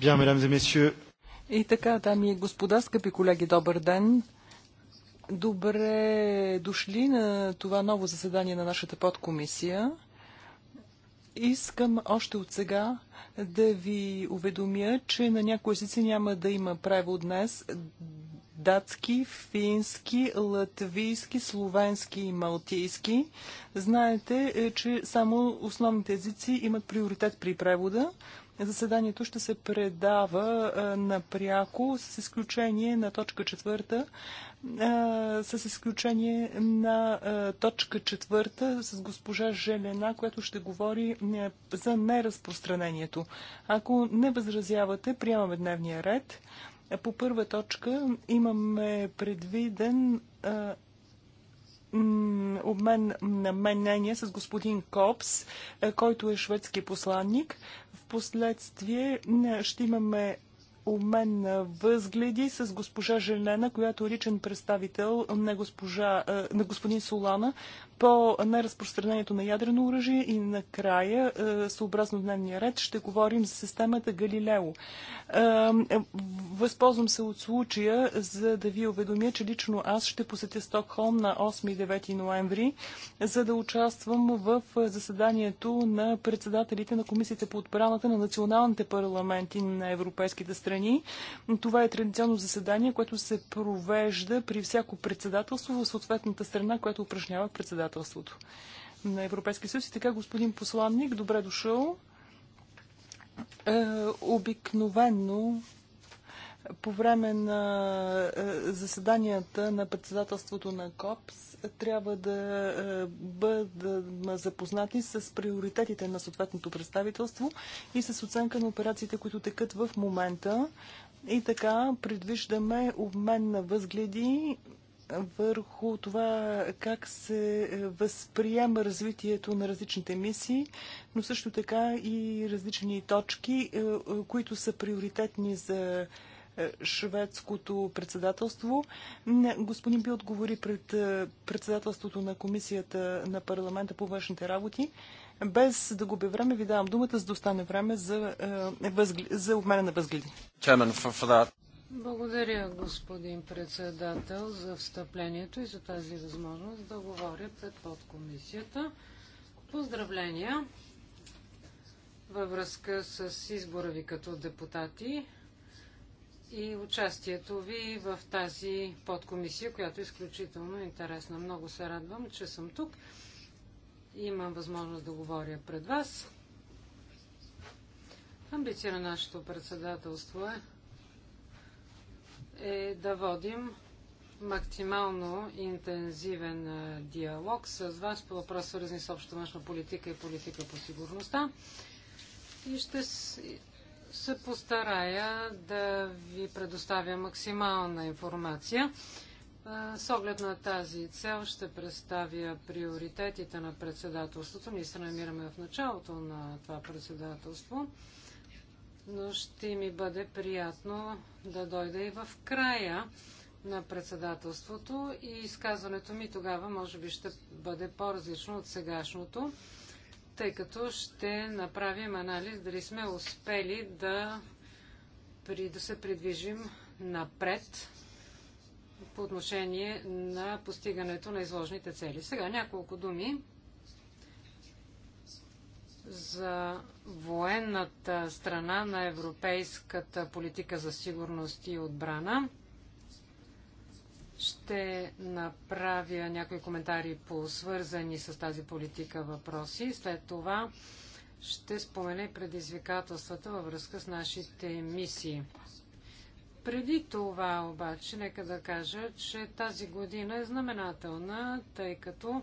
Bien, mesdames et messieurs. И така, дами и господа, скъпи колеги, добър ден. Добре дошли на това ново заседание на нашата подкомисия. Искам още от сега да ви уведомя, че на някои езици няма да има право днес. Датски, фински, латвийски, словенски и малтийски. Знаете, е, че само основните езици имат приоритет при превода. Заседанието ще се предава напряко, с изключение на точка четвърта, с изключение на точка четвърта с госпожа Желена, която ще говори за неразпространението. Ако не възразявате, приемаме дневния ред. По първа точка имаме предвиден обмен на мнение с господин Копс, е, който е шведски посланник. В последствие ще имаме обмен на възгледи с госпожа Желена, която е личен представител на, госпожа, е, на господин Солана по неразпространението на ядрено оръжие и накрая, е, съобразно дневния ред, ще говорим за системата Галилео. Е, е, възползвам се от случая, за да ви уведомя, че лично аз ще посетя Стокхолм на 8 и 9 ноември, за да участвам в заседанието на председателите на комисията по отбраната на националните парламенти на европейските страни. Това е традиционно заседание, което се провежда при всяко председателство в съответната страна, която упражнява председателството председателството на Европейския съюз. И така, господин посланник, добре дошъл. Е, обикновенно по време на е, заседанията на председателството на КОПС трябва да е, бъдем запознати с приоритетите на съответното представителство и с оценка на операциите, които текат в момента. И така предвиждаме обмен на възгледи върху това как се възприема развитието на различните мисии, но също така и различни точки, е, е, които са приоритетни за е, шведското председателство. Господин би отговори пред председателството на Комисията на парламента по външните работи. Без да губя време, ви давам думата, за да остане време за, за обмена на възгледи. Благодаря, господин председател, за встъплението и за тази възможност да говоря пред подкомисията. Поздравления във връзка с избора ви като депутати и участието ви в тази подкомисия, която е изключително интересна. Много се радвам, че съм тук. Имам възможност да говоря пред вас. Амбиция на нашето председателство е е да водим максимално интензивен диалог с вас по въпрос, свързани с общата външна политика и политика по сигурността. И ще се постарая да ви предоставя максимална информация. С оглед на тази цел ще представя приоритетите на председателството. Ние се намираме в началото на това председателство но ще ми бъде приятно да дойда и в края на председателството и изказването ми тогава може би ще бъде по-различно от сегашното, тъй като ще направим анализ дали сме успели да, при, да се придвижим напред по отношение на постигането на изложните цели. Сега няколко думи за военната страна на европейската политика за сигурност и отбрана. Ще направя някои коментари по свързани с тази политика въпроси. След това ще спомене предизвикателствата във връзка с нашите мисии. Преди това обаче, нека да кажа, че тази година е знаменателна, тъй като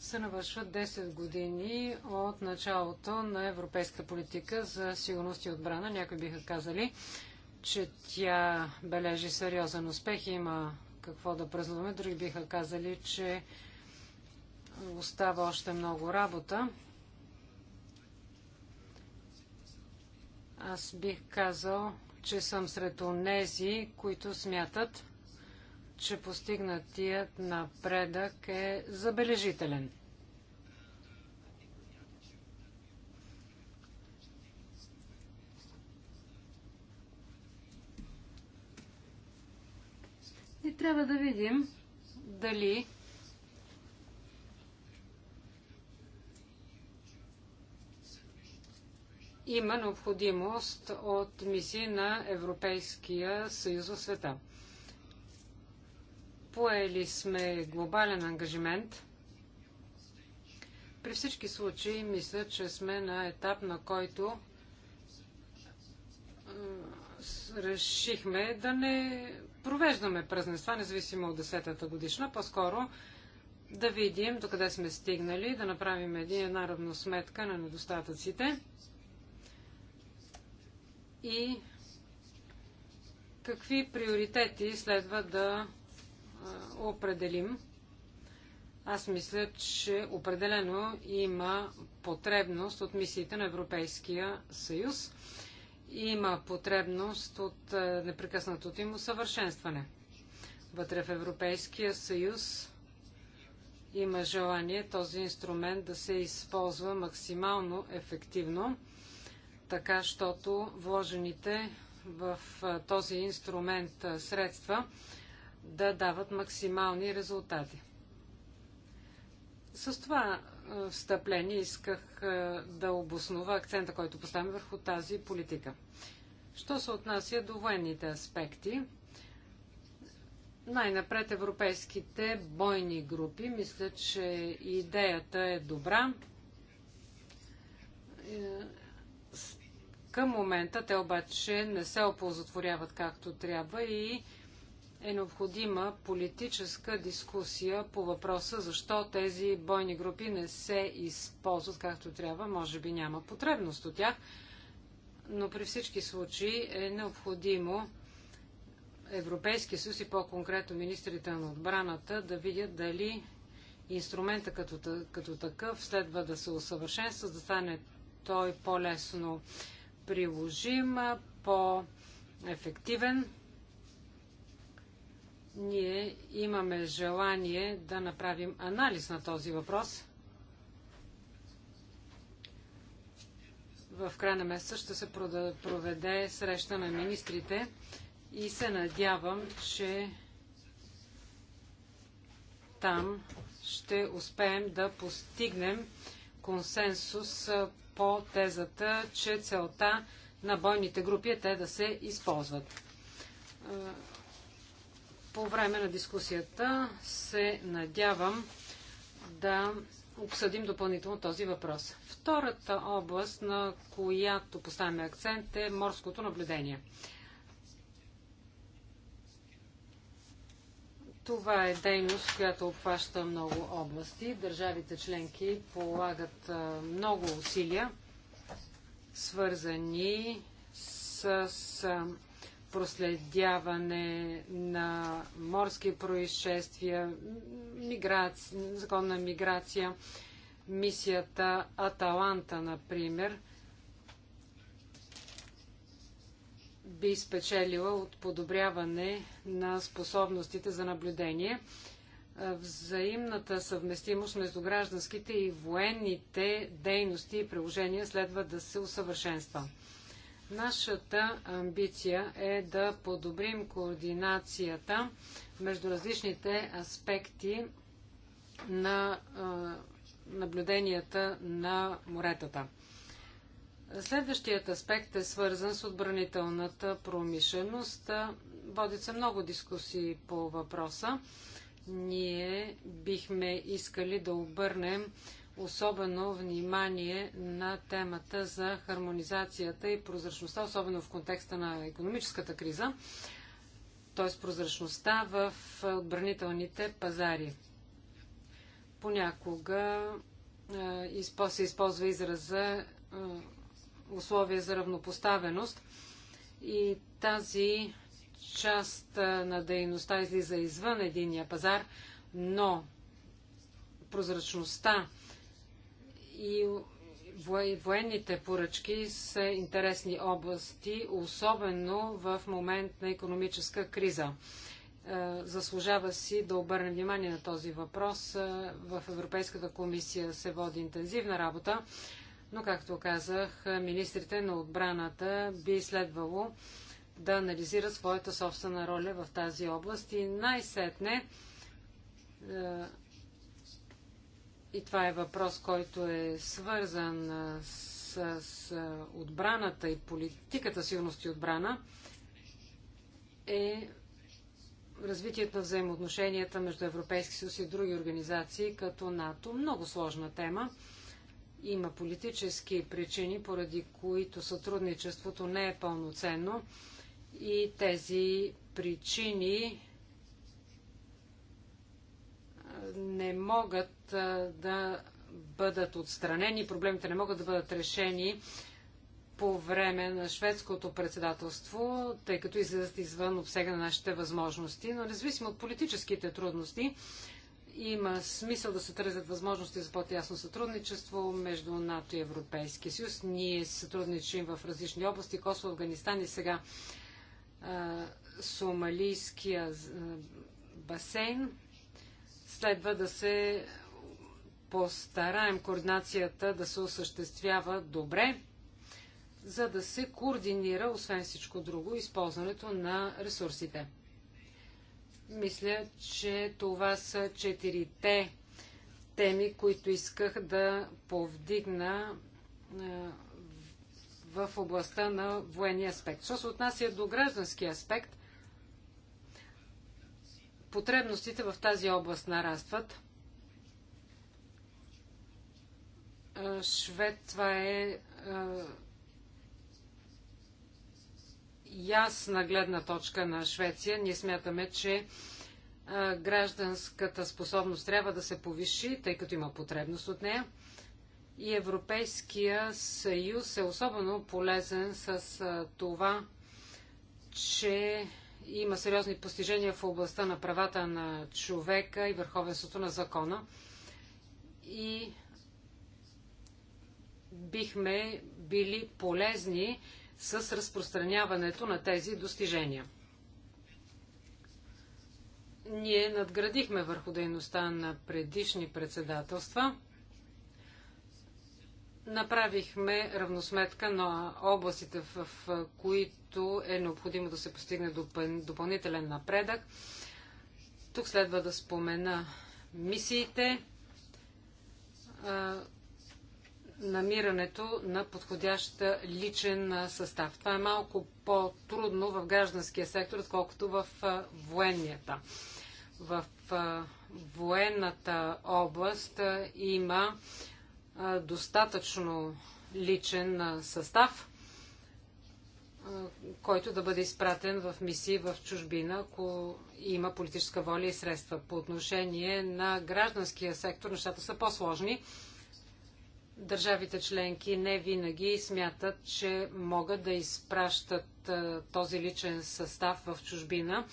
се навършват 10 години от началото на европейската политика за сигурност и отбрана. Някои биха казали, че тя бележи сериозен успех и има какво да празнуваме. Други биха казали, че остава още много работа. Аз бих казал, че съм сред онези, които смятат, че постигнатият напредък е забележителен. И трябва да видим дали има необходимост от мисии на Европейския съюз в света. Поели сме глобален ангажимент. При всички случаи мисля, че сме на етап, на който решихме да не провеждаме празненства, независимо от 10-та годишна, по-скоро да видим докъде сме стигнали, да направим един, една равносметка на недостатъците и какви приоритети следва да определим. Аз мисля, че определено има потребност от мисиите на Европейския съюз. Има потребност от непрекъснатото им усъвършенстване. Вътре в Европейския съюз има желание този инструмент да се използва максимално ефективно така, щото вложените в този инструмент средства да дават максимални резултати. С това встъпление исках да обоснова акцента, който поставям върху тази политика. Що се отнася до военните аспекти, най-напред европейските бойни групи. Мисля, че идеята е добра е, към момента те обаче не се оползотворяват както трябва и е необходима политическа дискусия по въпроса защо тези бойни групи не се използват както трябва. Може би няма потребност от тях, но при всички случаи е необходимо Европейския съюз и по-конкретно министрите на отбраната да видят дали инструмента като, като такъв следва да се усъвършенства, да стане той по-лесно приложим, по-ефективен. Ние имаме желание да направим анализ на този въпрос. В края на месеца ще се проведе среща на министрите и се надявам, че там ще успеем да постигнем консенсус по тезата, че целта на бойните групи е те да се използват. По време на дискусията се надявам да обсъдим допълнително този въпрос. Втората област, на която поставяме акцент е морското наблюдение. Това е дейност, която обхваща много области. Държавите членки полагат много усилия, свързани с проследяване на морски происшествия, миграци... законна миграция, мисията Аталанта, например – би спечелила от подобряване на способностите за наблюдение. Взаимната съвместимост между гражданските и военните дейности и приложения следва да се усъвършенства. Нашата амбиция е да подобрим координацията между различните аспекти на наблюденията на моретата. Следващият аспект е свързан с отбранителната промишленост. Водят се много дискусии по въпроса. Ние бихме искали да обърнем особено внимание на темата за хармонизацията и прозрачността, особено в контекста на економическата криза, т.е. прозрачността в отбранителните пазари. Понякога се използва израза условия за равнопоставеност и тази част на дейността излиза извън единия пазар, но прозрачността и военните поръчки са интересни области, особено в момент на економическа криза. Заслужава си да обърнем внимание на този въпрос. В Европейската комисия се води интензивна работа но, както казах, министрите на отбраната би следвало да анализират своята собствена роля в тази област и най-сетне е, и това е въпрос, който е свързан с, с отбраната и политиката сигурност и отбрана, е развитието на взаимоотношенията между Европейски съюз и други организации, като НАТО. Много сложна тема. Има политически причини, поради които сътрудничеството не е пълноценно и тези причини не могат да бъдат отстранени, проблемите не могат да бъдат решени по време на шведското председателство, тъй като излизат извън обсега на нашите възможности. Но независимо от политическите трудности, има смисъл да се търсят възможности за по-тясно сътрудничество между НАТО и Европейския съюз. Ние сътрудничим в различни области, Косово, Афганистан и сега Сомалийския басейн. Следва да се постараем координацията да се осъществява добре, за да се координира, освен всичко друго, използването на ресурсите. Мисля, че това са четирите теми, които исках да повдигна в областта на военния аспект. Що се отнася до граждански аспект, потребностите в тази област нарастват. Швед, това е ясна гледна точка на Швеция. Ние смятаме, че гражданската способност трябва да се повиши, тъй като има потребност от нея. И Европейския съюз е особено полезен с това, че има сериозни постижения в областта на правата на човека и върховенството на закона. И бихме били полезни с разпространяването на тези достижения. Ние надградихме върху дейността на предишни председателства. Направихме равносметка на областите, в които е необходимо да се постигне допълнителен напредък. Тук следва да спомена мисиите, намирането на подходящ личен състав. Това е малко по-трудно в гражданския сектор, отколкото в военнията. В военната област има достатъчно личен състав, който да бъде изпратен в мисии в чужбина, ако има политическа воля и средства. По отношение на гражданския сектор нещата са по-сложни Държавите членки не винаги смятат, че могат да изпращат този личен състав в чужбина,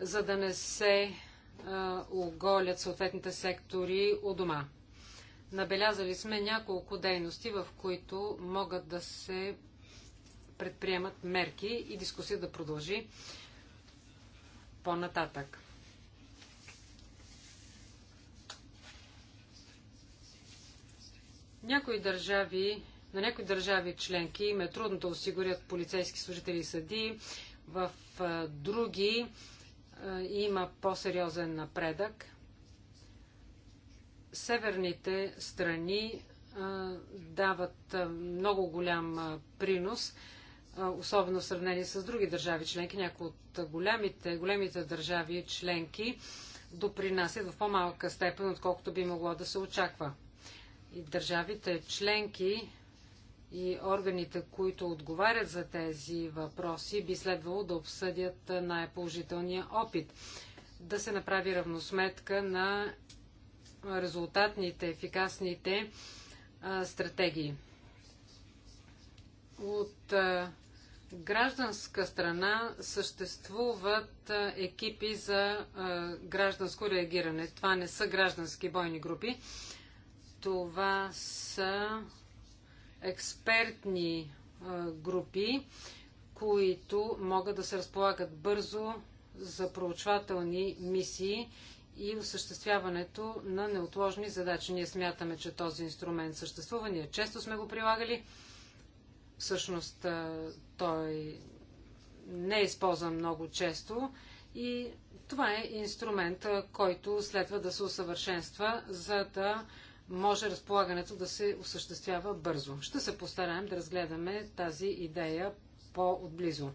за да не се оголят съответните сектори у дома. Набелязали сме няколко дейности, в които могат да се предприемат мерки и дискусия да продължи по-нататък. Някои държави, на някои държави членки им е трудно да осигурят полицейски служители и съдии, в а, други а, има по-сериозен напредък. Северните страни а, дават много голям принос, особено в сравнение с други държави членки. Някои от големите, големите държави членки допринасят в по-малка степен, отколкото би могло да се очаква и държавите членки и органите, които отговарят за тези въпроси, би следвало да обсъдят най-положителния опит. Да се направи равносметка на резултатните, ефикасните а, стратегии. От а, гражданска страна съществуват а, екипи за гражданско реагиране. Това не са граждански бойни групи това са експертни групи, които могат да се разполагат бързо за проучвателни мисии и осъществяването на неотложни задачи. Ние смятаме, че този инструмент съществува. Ние често сме го прилагали. Всъщност той не е използван много често и това е инструмент, който следва да се усъвършенства, за да може разполагането да се осъществява бързо. Ще се постараем да разгледаме тази идея по-отблизо.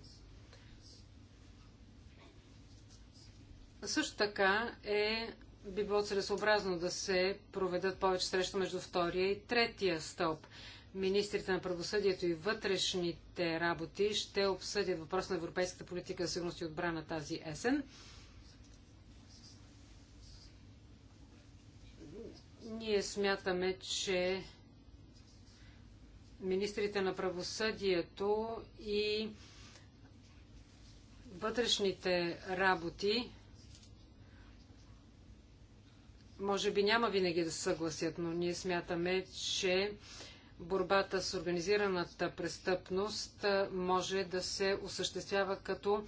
Също така е, би било целесообразно да се проведат повече среща между втория и третия стълб. Министрите на правосъдието и вътрешните работи ще обсъдят въпрос на европейската политика за сигурност и отбрана тази есен. Ние смятаме, че министрите на правосъдието и вътрешните работи може би няма винаги да съгласят, но ние смятаме, че борбата с организираната престъпност може да се осъществява като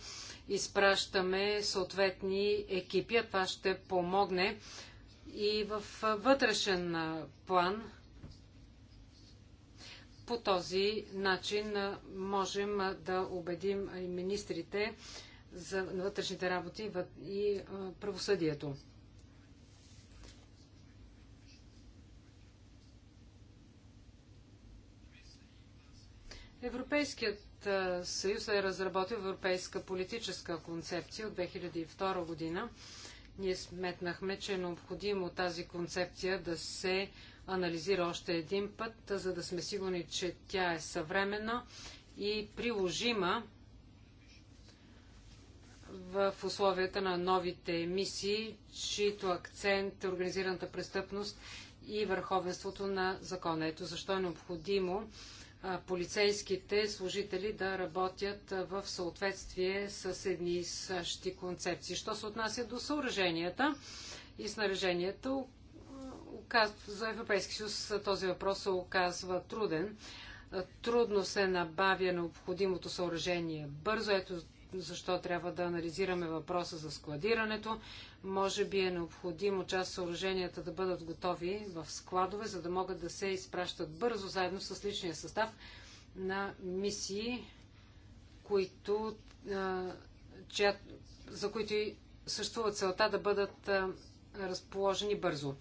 изпращаме съответни екипи, а това ще помогне и в вътрешен план. По този начин можем да убедим и министрите за вътрешните работи и правосъдието. Европейският съюз е разработил европейска политическа концепция от 2002 година ние сметнахме, че е необходимо тази концепция да се анализира още един път, за да сме сигурни, че тя е съвременна и приложима в условията на новите емисии, чието акцент е организираната престъпност и върховенството на закона. Ето защо е необходимо полицейските служители да работят в съответствие с едни и същи концепции. Що се отнася до съоръженията и снаряжението, за Европейски съюз този въпрос се оказва труден. Трудно се набавя необходимото съоръжение бързо. Ето защо трябва да анализираме въпроса за складирането. Може би е необходимо част съоръженията да бъдат готови в складове, за да могат да се изпращат бързо, заедно с личния състав на мисии, които, чия, за които съществува целта да бъдат разположени бързо.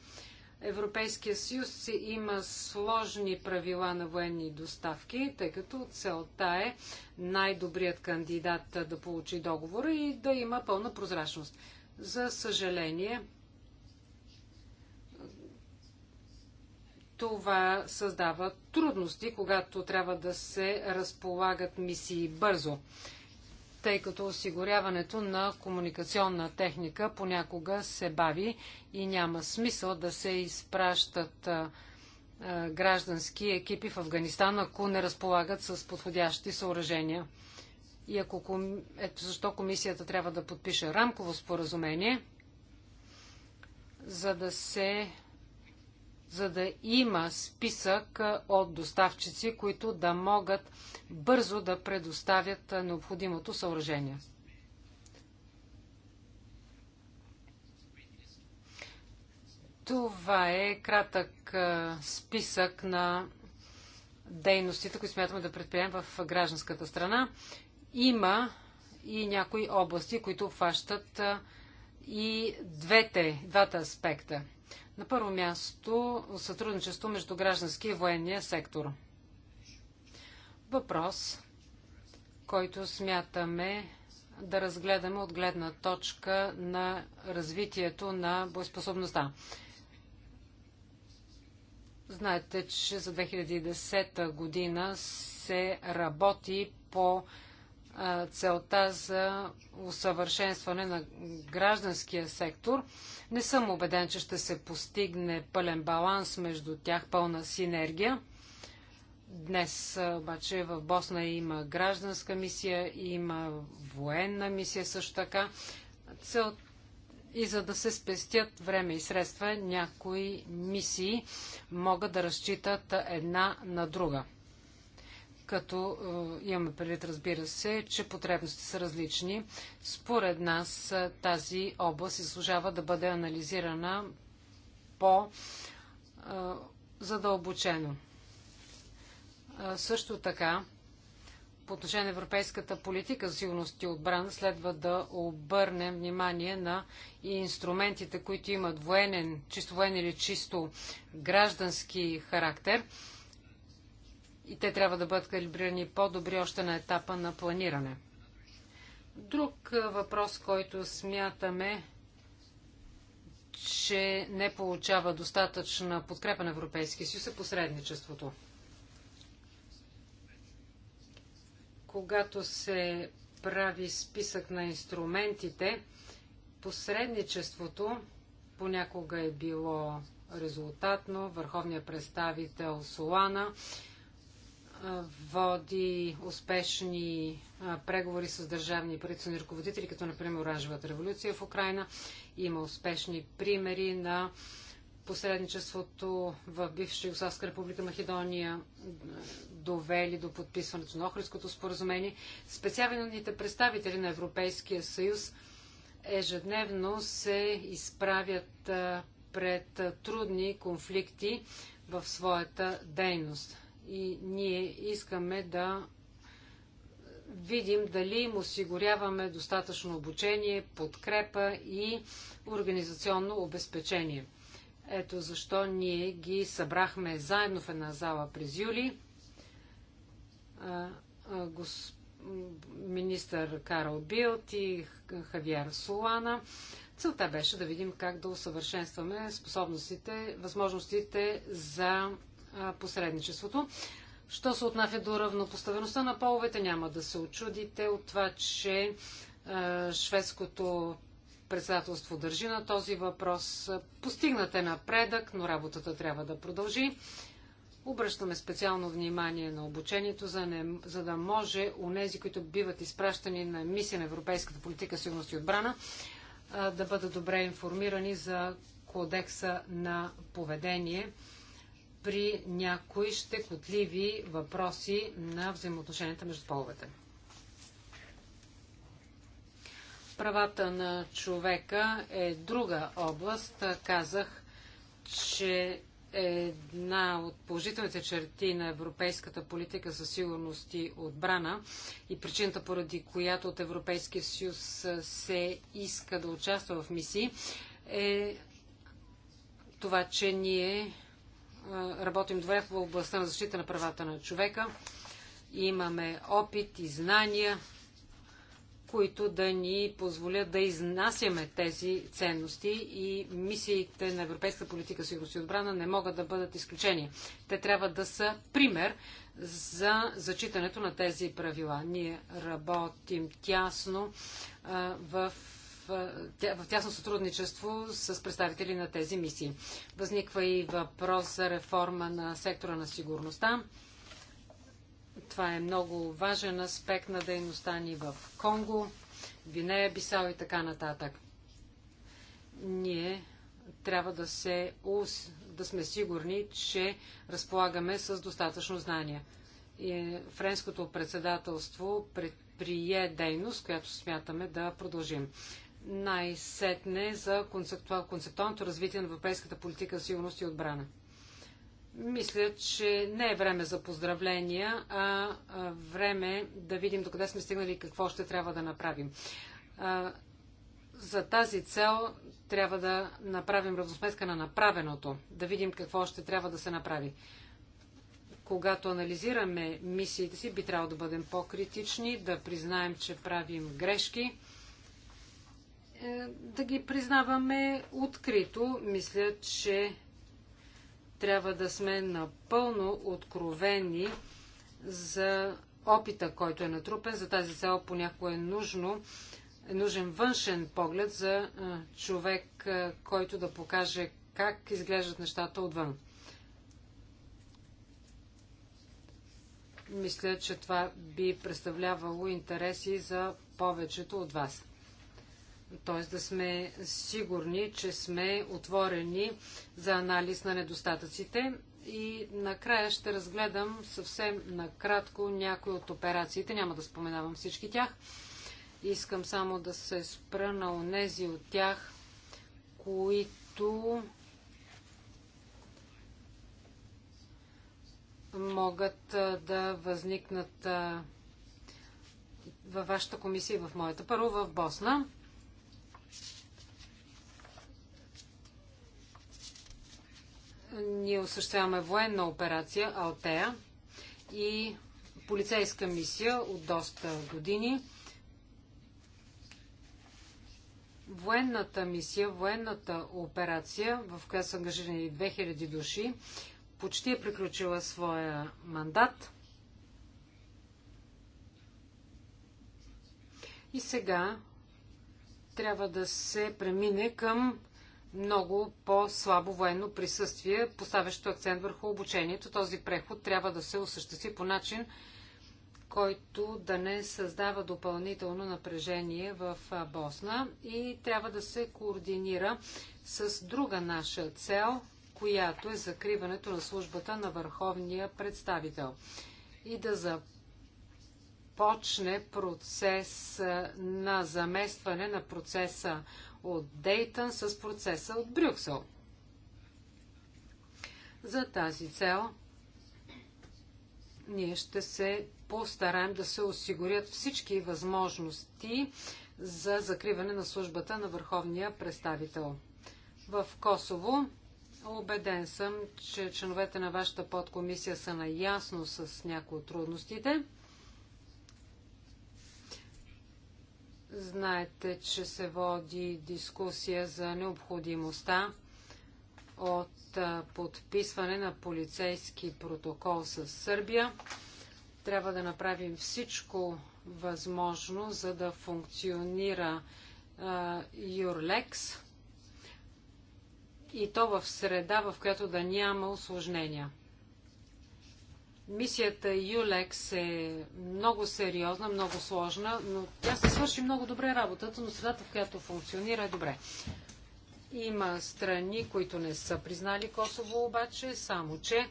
Европейския съюз има сложни правила на военни доставки, тъй като целта е най-добрият кандидат да получи договора и да има пълна прозрачност. За съжаление, това създава трудности, когато трябва да се разполагат мисии бързо тъй като осигуряването на комуникационна техника понякога се бави и няма смисъл да се изпращат граждански екипи в Афганистан, ако не разполагат с подходящи съоръжения. И ако, ето защо комисията трябва да подпише рамково споразумение, за да се за да има списък от доставчици, които да могат бързо да предоставят необходимото съоръжение. Това е кратък списък на дейностите, които смятаме да предприемем в гражданската страна. Има и някои области, които обхващат и двете, двата аспекта – на първо място сътрудничество между граждански и военния сектор. Въпрос, който смятаме да разгледаме от гледна точка на развитието на боеспособността. Знаете, че за 2010 година се работи по целта за усъвършенстване на гражданския сектор. Не съм убеден, че ще се постигне пълен баланс между тях, пълна синергия. Днес обаче в Босна има гражданска мисия, има военна мисия също така. Цел... И за да се спестят време и средства, някои мисии могат да разчитат една на друга като е, имаме предвид, разбира се, че потребностите са различни. Според нас е, тази област изслужава да бъде анализирана по-задълбочено. Е, също така, по отношение на европейската политика за сигурност и отбрана следва да обърнем внимание на инструментите, които имат военен, чисто военен или чисто граждански характер – и те трябва да бъдат калибрирани по-добри още на етапа на планиране. Друг въпрос, който смятаме, че не получава достатъчна подкрепа на Европейския съюз е посредничеството. Когато се прави списък на инструментите, посредничеството понякога е било резултатно. Върховният представител Солана води успешни преговори с държавни и правителствени ръководители, като например Оранжевата революция в Украина. Има успешни примери на посредничеството в бивша Югославска република Македония довели до подписването на Охридското споразумение. Специалните представители на Европейския съюз ежедневно се изправят пред трудни конфликти в своята дейност и ние искаме да видим дали им осигуряваме достатъчно обучение, подкрепа и организационно обезпечение. Ето защо ние ги събрахме заедно в една зала през юли. Министър Карл Билт и Хавиар Солана. Целта беше да видим как да усъвършенстваме способностите, възможностите за посредничеството. Що се отнася до равнопоставеността на половете, няма да се очудите от това, че шведското председателство държи на този въпрос. Постигнат е напредък, но работата трябва да продължи. Обръщаме специално внимание на обучението, за, не, за да може унези, които биват изпращани на мисия на Европейската политика сигурност и отбрана, да бъдат добре информирани за кодекса на поведение при някои щекотливи въпроси на взаимоотношенията между половете. Правата на човека е друга област. Казах, че една от положителните черти на европейската политика за сигурност и отбрана и причината поради която от Европейския съюз се иска да участва в мисии е това, че ние работим добре в областта на защита на правата на човека. Имаме опит и знания, които да ни позволят да изнасяме тези ценности и мисиите на европейска политика сигурност и отбрана не могат да бъдат изключени. Те трябва да са пример за зачитането на тези правила. Ние работим тясно а, в в тясно сътрудничество с представители на тези мисии. Възниква и въпрос за реформа на сектора на сигурността. Това е много важен аспект на дейността ни в Конго, Гвинея, Бисао и така нататък. Ние трябва да, се, да сме сигурни, че разполагаме с достатъчно знания. И френското председателство предприе прие дейност, която смятаме да продължим най-сетне за концептуал, концептуалното развитие на европейската политика за сигурност и отбрана. Мисля, че не е време за поздравления, а време да видим докъде сме стигнали и какво ще трябва да направим. За тази цел трябва да направим равносметка на направеното, да видим какво ще трябва да се направи. Когато анализираме мисиите си, би трябвало да бъдем по-критични, да признаем, че правим грешки – е, да ги признаваме открито. Мисля, че трябва да сме напълно откровени за опита, който е натрупен. За тази цел понякога е нужно е нужен външен поглед за е, човек, е, който да покаже как изглеждат нещата отвън. Мисля, че това би представлявало интереси за повечето от вас т.е. да сме сигурни, че сме отворени за анализ на недостатъците. И накрая ще разгледам съвсем накратко някои от операциите. Няма да споменавам всички тях. Искам само да се спра на онези от тях, които могат да възникнат във вашата комисия и в моята. Първо в Босна. Ние осъществяваме военна операция Алтея и полицейска мисия от доста години. Военната мисия, военната операция, в която са ангажирани 2000 души, почти е приключила своя мандат. И сега трябва да се премине към много по-слабо военно присъствие, поставящо акцент върху обучението. Този преход трябва да се осъществи по начин, който да не създава допълнително напрежение в Босна и трябва да се координира с друга наша цел, която е закриването на службата на върховния представител и да започне процес на заместване на процеса от Дейтън с процеса от Брюксел. За тази цел ние ще се постараем да се осигурят всички възможности за закриване на службата на върховния представител. В Косово убеден съм, че членовете на вашата подкомисия са наясно с някои от трудностите. Знаете, че се води дискусия за необходимостта от подписване на полицейски протокол с Сърбия. Трябва да направим всичко възможно, за да функционира Юрлекс и то в среда, в която да няма осложнения. Мисията ЮЛЕКС е много сериозна, много сложна, но тя се свърши много добре работата, но средата, в която функционира, е добре. Има страни, които не са признали Косово, обаче, само че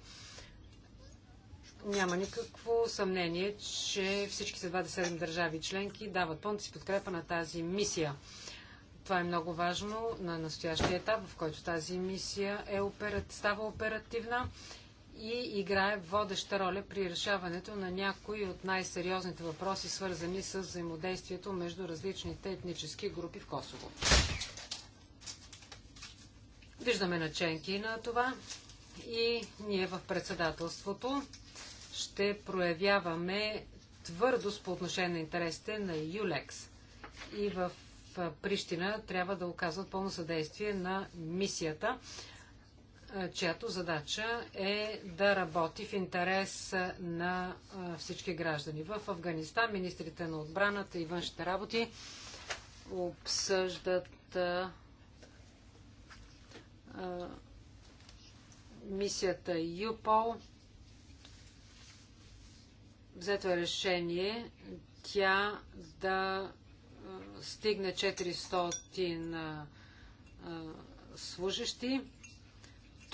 няма никакво съмнение, че всичките 27 държави членки дават пълната си подкрепа на тази мисия. Това е много важно на настоящия етап, в който тази мисия е опера... става оперативна и играе водеща роля при решаването на някои от най-сериозните въпроси, свързани с взаимодействието между различните етнически групи в Косово. Виждаме наченки на това и ние в председателството ще проявяваме твърдост по отношение на интересите на ЮЛЕКС. И в Прищина трябва да оказват пълно съдействие на мисията, е, чиято задача е да работи в интерес на е, всички граждани. В Афганистан министрите на отбраната и външните работи обсъждат е, мисията ЮПОЛ. Взето е решение тя да стигне 400 служещи. служащи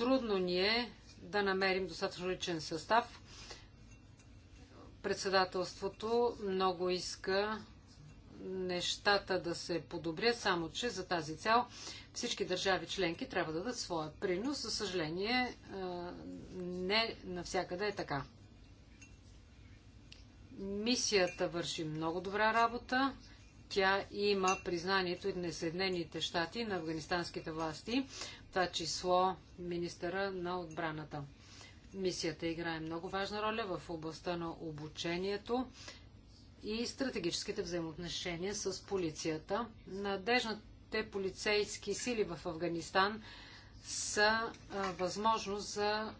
Трудно ни е да намерим достатъчно личен състав. Председателството много иска нещата да се подобрят, само че за тази цел всички държави членки трябва да дадат своя принос. За съжаление, не навсякъде е така. Мисията върши много добра работа. Тя има признанието и на Съединените щати, на афганистанските власти това число министъра на отбраната. Мисията играе много важна роля в областта на обучението и стратегическите взаимоотношения с полицията. Надежните полицейски сили в Афганистан са а, възможност за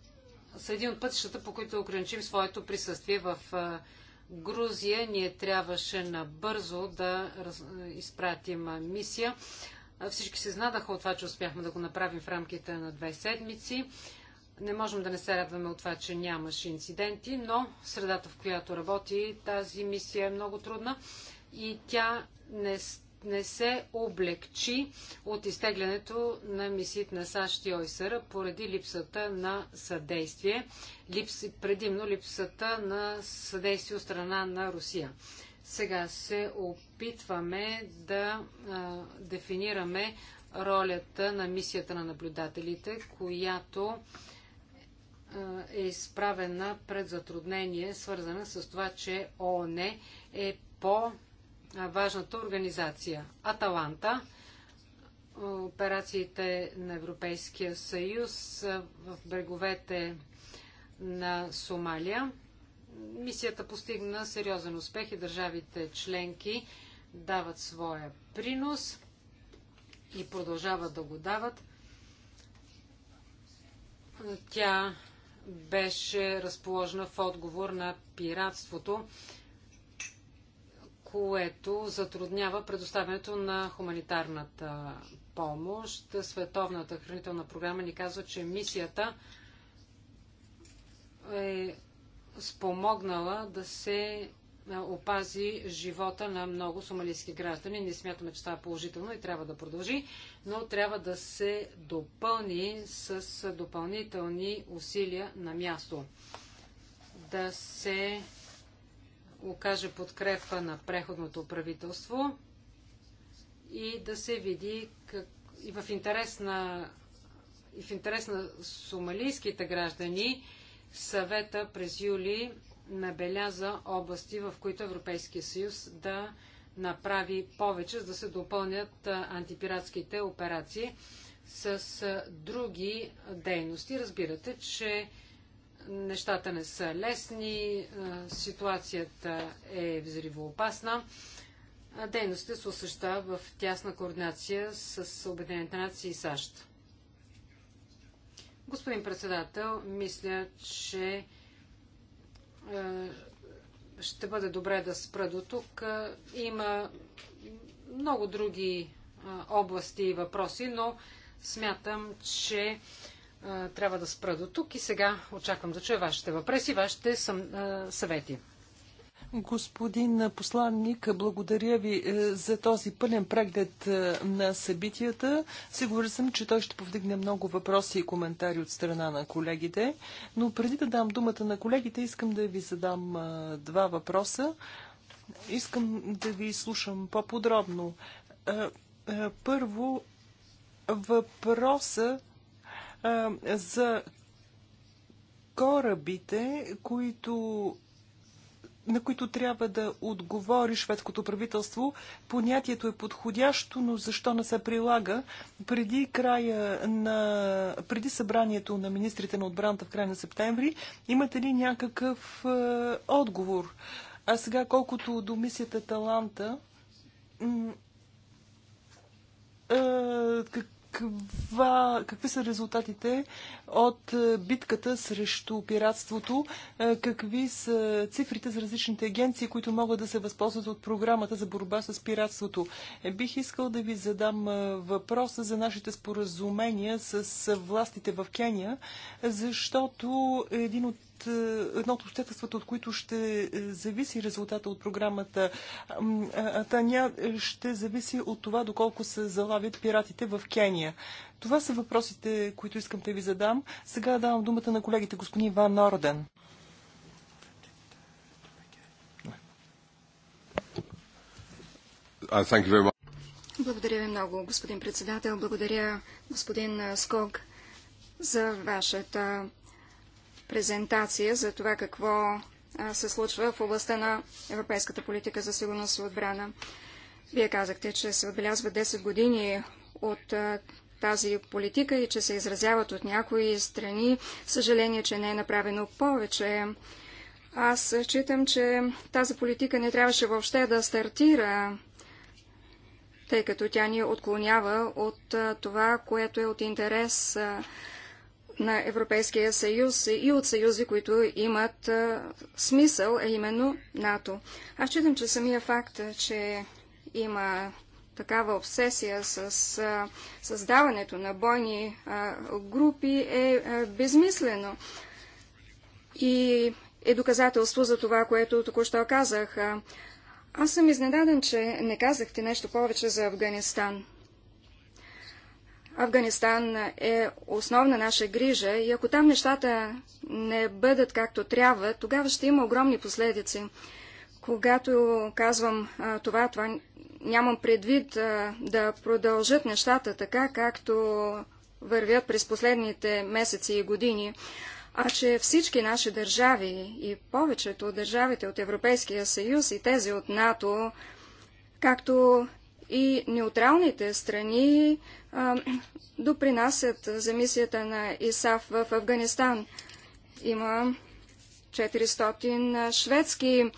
са един от пътищата, по които ограничим своето присъствие в а, Грузия. Ние трябваше набързо да раз... изпратим а, мисия всички се знадаха от това, че успяхме да го направим в рамките на две седмици. Не можем да не се радваме от това, че нямаше инциденти, но средата, в която работи тази мисия е много трудна и тя не, не се облегчи от изтеглянето на мисиите на САЩ и ОСР поради липсата на съдействие, липс, предимно липсата на съдействие от страна на Русия. Сега се опитваме да а, дефинираме ролята на мисията на наблюдателите, която е изправена пред затруднение, свързана с това, че ООН е по-важната организация. Аталанта, операциите на Европейския съюз в бреговете на Сомалия мисията постигна сериозен успех и държавите членки дават своя принос и продължават да го дават. Тя беше разположена в отговор на пиратството, което затруднява предоставянето на хуманитарната помощ. Световната хранителна програма ни казва, че мисията е спомогнала да се опази живота на много сомалийски граждани. Ние смятаме, че това е положително и трябва да продължи, но трябва да се допълни с допълнителни усилия на място. Да се окаже подкрепа на преходното правителство и да се види как, и в интерес на и в интерес на сомалийските граждани, Съвета през юли набеляза области, в които Европейския съюз да направи повече, за да се допълнят антипиратските операции с други дейности. Разбирате, че нещата не са лесни, ситуацията е взривоопасна. Дейностите се осъществява в тясна координация с Обединените нации и САЩ. Господин председател, мисля, че е, ще бъде добре да спра до тук. Е, има много други е, области и въпроси, но смятам, че трябва да спра до тук и сега очаквам да чуя вашите въпроси, вашите съвети. Господин посланник, благодаря ви е, за този пълен преглед е, на събитията. Сигурен съм, че той ще повдигне много въпроси и коментари от страна на колегите. Но преди да дам думата на колегите, искам да ви задам е, два въпроса. Искам да ви слушам по-подробно. Първо, въпроса за корабите, които на които трябва да отговори шведското правителство. Понятието е подходящо, но защо не се прилага? Преди края на... преди събранието на министрите на отбраната в края на септември, имате ли някакъв е, отговор? А сега, колкото до мисията Таланта, е, как каква, какви са резултатите от е, битката срещу пиратството, е, какви са цифрите за различните агенции, които могат да се възползват от програмата за борба с пиратството. Е, бих искал да ви задам въпроса за нашите споразумения с властите в Кения, защото един от едно от е, обстоятелствата, от които ще е, зависи резултата от програмата Таня, е, ще зависи от това доколко се залавят пиратите в Кения. Това са въпросите, които искам да ви задам. Сега давам думата на колегите господин Ван Орден. Благодаря ви много, господин председател. Благодаря, господин Скок, за вашата презентация за това какво се случва в областта на европейската политика за сигурност и отбрана. Вие казахте, че се отбелязва 10 години от тази политика и че се изразяват от някои страни. Съжаление, че не е направено повече. Аз считам, че тази политика не трябваше въобще да стартира, тъй като тя ни отклонява от това, което е от интерес на Европейския съюз и от съюзи, които имат смисъл, а именно НАТО. Аз считам, че самия факт, че има такава обсесия с създаването на бойни групи е безмислено и е доказателство за това, което току-що казах. Аз съм изненадан, че не казахте нещо повече за Афганистан. Афганистан е основна наша грижа и ако там нещата не бъдат както трябва, тогава ще има огромни последици. Когато казвам а, това, това нямам предвид а, да продължат нещата така, както вървят през последните месеци и години, а че всички наши държави и повечето от държавите от Европейския съюз и тези от НАТО, както и неутралните страни а, допринасят за мисията на ИСАФ в Афганистан. Има 400 шведски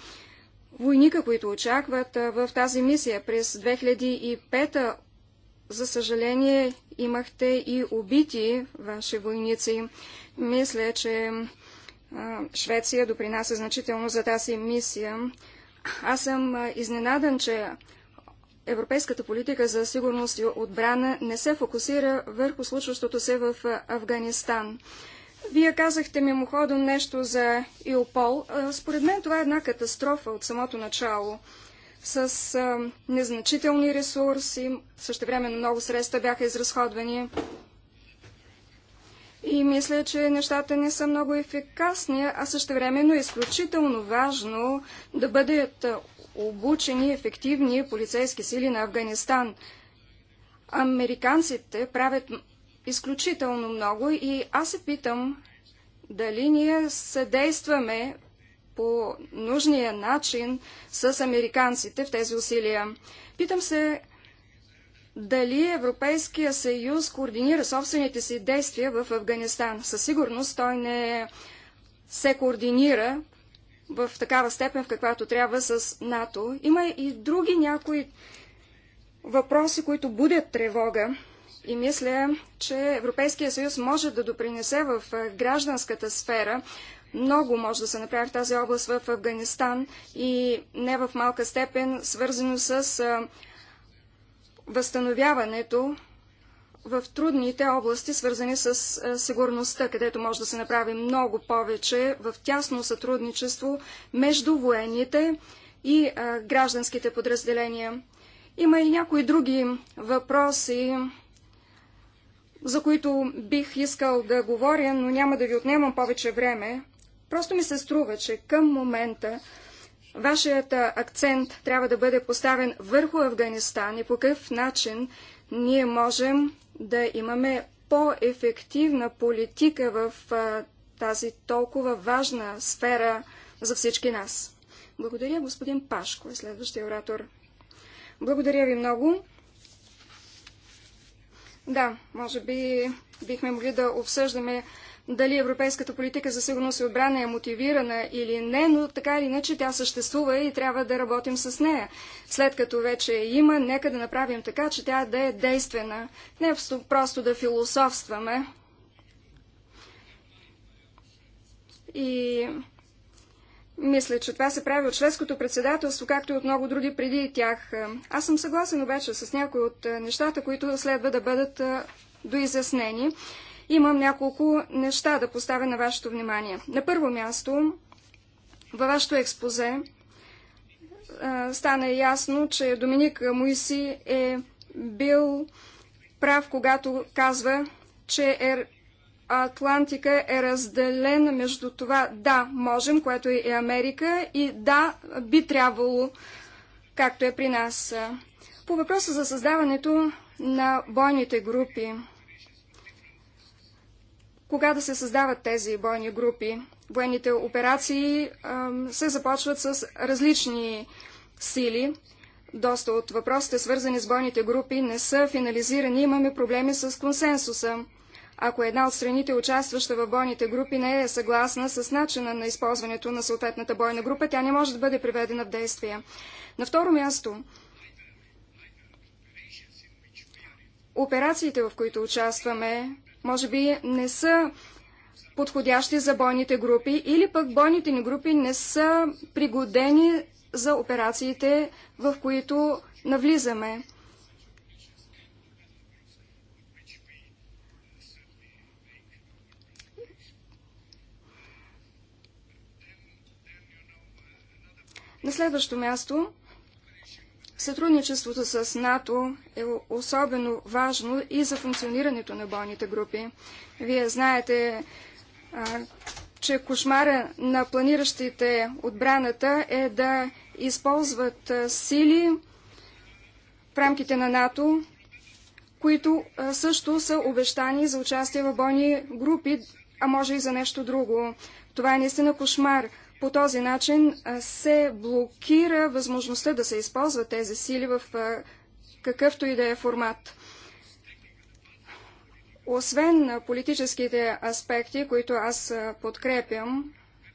войника, които очакват в тази мисия. През 2005 за съжаление, имахте и убити ваши войници. Мисля, че Швеция допринася значително за тази мисия. Аз съм изненадан, че европейската политика за сигурност и отбрана не се фокусира върху случващото се в Афганистан. Вие казахте мимоходом нещо за Иопол. Според мен това е една катастрофа от самото начало. С а, незначителни ресурси, също време много средства бяха изразходвани. И мисля, че нещата не са много ефикасни, а също времено е изключително важно да бъдат обучени ефективни полицейски сили на Афганистан. Американците правят изключително много и аз се питам дали ние съдействаме по нужния начин с американците в тези усилия. Питам се дали Европейския съюз координира собствените си действия в Афганистан. Със сигурност той не се координира в такава степен, в каквато трябва с НАТО. Има и други някои въпроси, които будят тревога. И мисля, че Европейския съюз може да допринесе в гражданската сфера. Много може да се направи в тази област в Афганистан и не в малка степен свързано с възстановяването в трудните области, свързани с е, сигурността, където може да се направи много повече в тясно сътрудничество между военните и е, гражданските подразделения. Има и някои други въпроси, за които бих искал да говоря, но няма да ви отнемам повече време. Просто ми се струва, че към момента Вашият акцент трябва да бъде поставен върху Афганистан и по какъв начин ние можем да имаме по-ефективна политика в тази толкова важна сфера за всички нас. Благодаря, господин Пашко, е следващия оратор. Благодаря ви много. Да, може би бихме могли да обсъждаме дали европейската политика за сигурност и отбрана е мотивирана или не, но така или иначе тя съществува и трябва да работим с нея. След като вече има, нека да направим така, че тя да е действена. Не е просто да философстваме. И мисля, че това се прави от шведското председателство, както и от много други преди тях. Аз съм съгласен обаче с някои от нещата, които следва да бъдат доизяснени. Имам няколко неща да поставя на вашето внимание. На първо място, във вашето експозе стана ясно, че Доминик Моиси е бил прав, когато казва, че е Атлантика е разделена между това да, можем, което е Америка, и да, би трябвало, както е при нас. По въпроса за създаването на бойните групи, кога да се създават тези бойни групи? Военните операции а, се започват с различни сили. Доста от въпросите, свързани с бойните групи, не са финализирани. Имаме проблеми с консенсуса. Ако една от страните, участваща в бойните групи, не е съгласна с начина на използването на съответната бойна група, тя не може да бъде приведена в действие. На второ място, операциите, в които участваме, може би не са подходящи за бойните групи или пък бойните ни групи не са пригодени за операциите, в които навлизаме. На следващо място Сътрудничеството с НАТО е особено важно и за функционирането на бойните групи. Вие знаете, че кошмара на планиращите отбраната е да използват сили в рамките на НАТО, които също са обещани за участие в бойни групи, а може и за нещо друго. Това е наистина кошмар. По този начин се блокира възможността да се използват тези сили в какъвто и да е формат. Освен политическите аспекти, които аз подкрепям,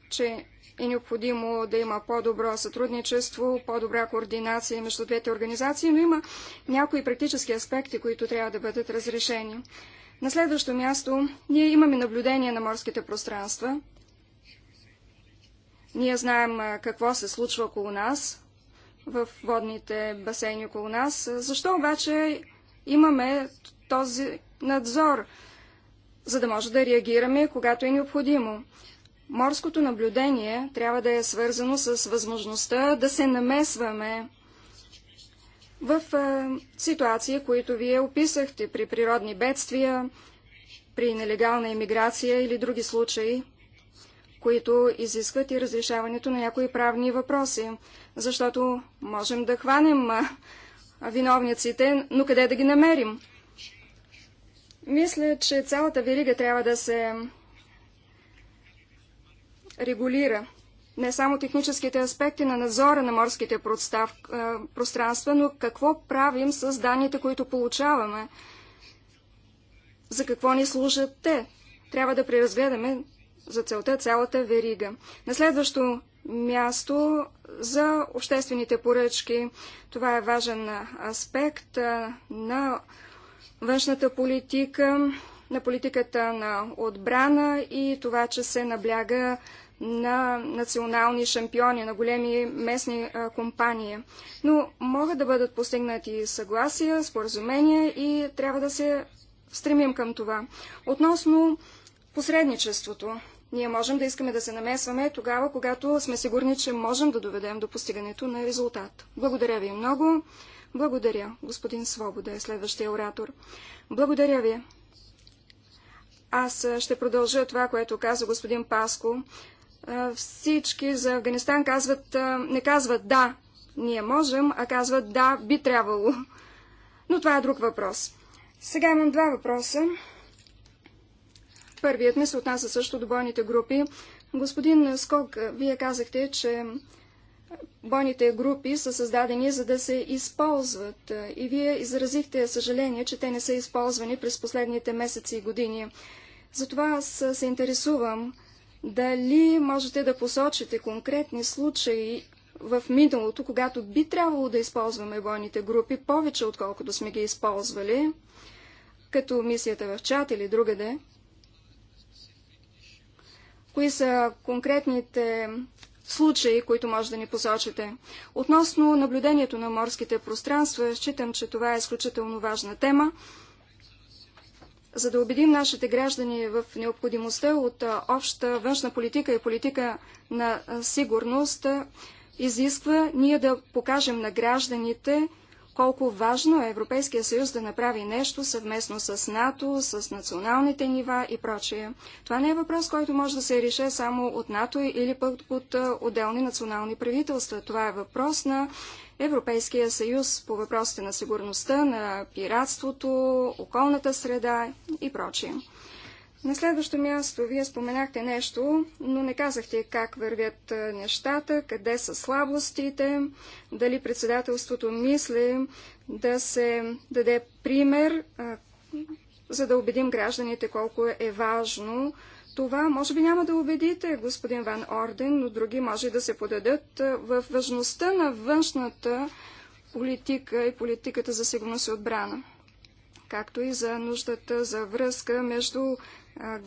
че е необходимо да има по-добро сътрудничество, по-добра координация между двете организации, но има някои практически аспекти, които трябва да бъдат разрешени. На следващо място, ние имаме наблюдение на морските пространства. Ние знаем какво се случва около нас, в водните басейни около нас. Защо обаче имаме този надзор, за да може да реагираме, когато е необходимо? Морското наблюдение трябва да е свързано с възможността да се намесваме в ситуации, които вие описахте при природни бедствия, при нелегална иммиграция или други случаи които изискват и разрешаването на някои правни въпроси, защото можем да хванем виновниците, но къде да ги намерим? Мисля, че цялата верига трябва да се регулира не само техническите аспекти на надзора на морските простав, пространства, но какво правим с данните, които получаваме, за какво ни служат те. Трябва да преразгледаме за целта цялата верига. На следващо място за обществените поръчки. Това е важен аспект на външната политика, на политиката на отбрана и това, че се набляга на национални шампиони, на големи местни компании. Но могат да бъдат постигнати съгласия, споразумения и трябва да се стремим към това. Относно посредничеството. Ние можем да искаме да се намесваме тогава, когато сме сигурни, че можем да доведем до постигането на резултат. Благодаря ви много. Благодаря, господин Свобода е следващия оратор. Благодаря ви. Аз ще продължа това, което каза господин Паско. Всички за Афганистан казват, не казват да, ние можем, а казват да, би трябвало. Но това е друг въпрос. Сега имам два въпроса. Първият ми се отнася също до бойните групи. Господин Скок, вие казахте, че бойните групи са създадени за да се използват и вие изразихте съжаление, че те не са използвани през последните месеци и години. Затова аз се интересувам дали можете да посочите конкретни случаи в миналото, когато би трябвало да използваме бойните групи повече, отколкото сме ги използвали, като мисията в чат или другаде кои са конкретните случаи, които може да ни посочите. Относно наблюдението на морските пространства, считам, че това е изключително важна тема. За да убедим нашите граждани в необходимостта от обща външна политика и политика на сигурност, изисква ние да покажем на гражданите, колко важно е Европейския съюз да направи нещо съвместно с НАТО, с националните нива и прочее. Това не е въпрос, който може да се реше само от НАТО или пък от отделни национални правителства. Това е въпрос на Европейския съюз по въпросите на сигурността, на пиратството, околната среда и прочие. На следващо място, вие споменахте нещо, но не казахте как вървят нещата, къде са слабостите, дали председателството мисли да се даде пример, за да убедим гражданите колко е важно това. Може би няма да убедите господин Ван Орден, но други може да се подадат в важността на външната политика и политиката за сигурност и отбрана както и за нуждата за връзка между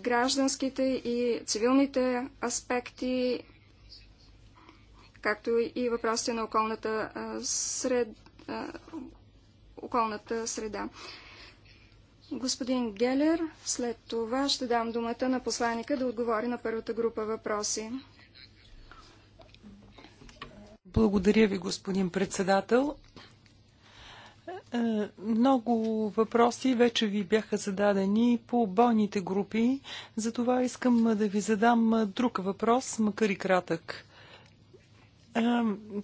гражданските и цивилните аспекти, както и въпросите на околната, сред, околната среда. Господин Гелер, след това ще дам думата на посланика да отговори на първата група въпроси. Благодаря ви, господин председател. Е, много въпроси вече ви бяха зададени по бойните групи, затова искам да ви задам е, друг въпрос, макар и кратък. Е,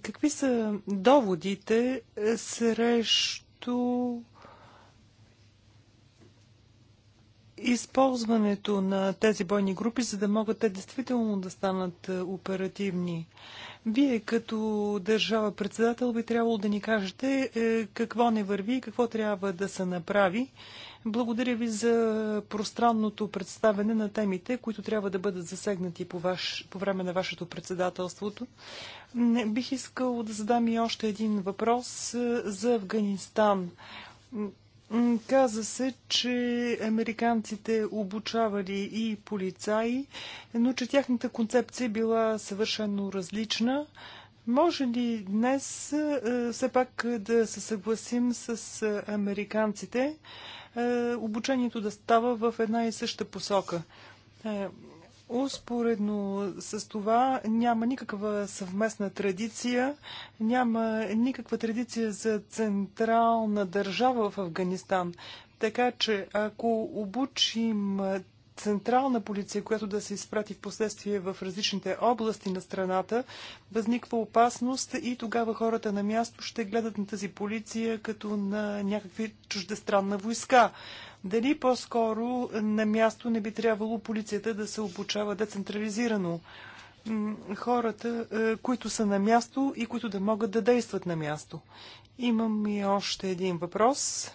какви са доводите срещу използването на тези бойни групи, за да могат те действително да станат е, оперативни. Вие като държава председател би трябвало да ни кажете е, какво не върви и какво трябва да се направи. Благодаря ви за пространното представене на темите, които трябва да бъдат засегнати по, ваш, по време на вашето председателството. Не, бих искал да задам и още един въпрос е, за Афганистан. Каза се, че американците обучавали и полицаи, но че тяхната концепция била съвършено различна. Може ли днес е, все пак да се съгласим с е, американците, е, обучението да става в една и съща посока? Успоредно с това няма никаква съвместна традиция, няма никаква традиция за централна държава в Афганистан. Така че ако обучим централна полиция, която да се изпрати в последствие в различните области на страната, възниква опасност и тогава хората на място ще гледат на тази полиция като на някакви чуждестранна войска. Дали по-скоро на място не би трябвало полицията да се обучава децентрализирано? хората, е, които са на място и които да могат да действат на място. Имам и още един въпрос.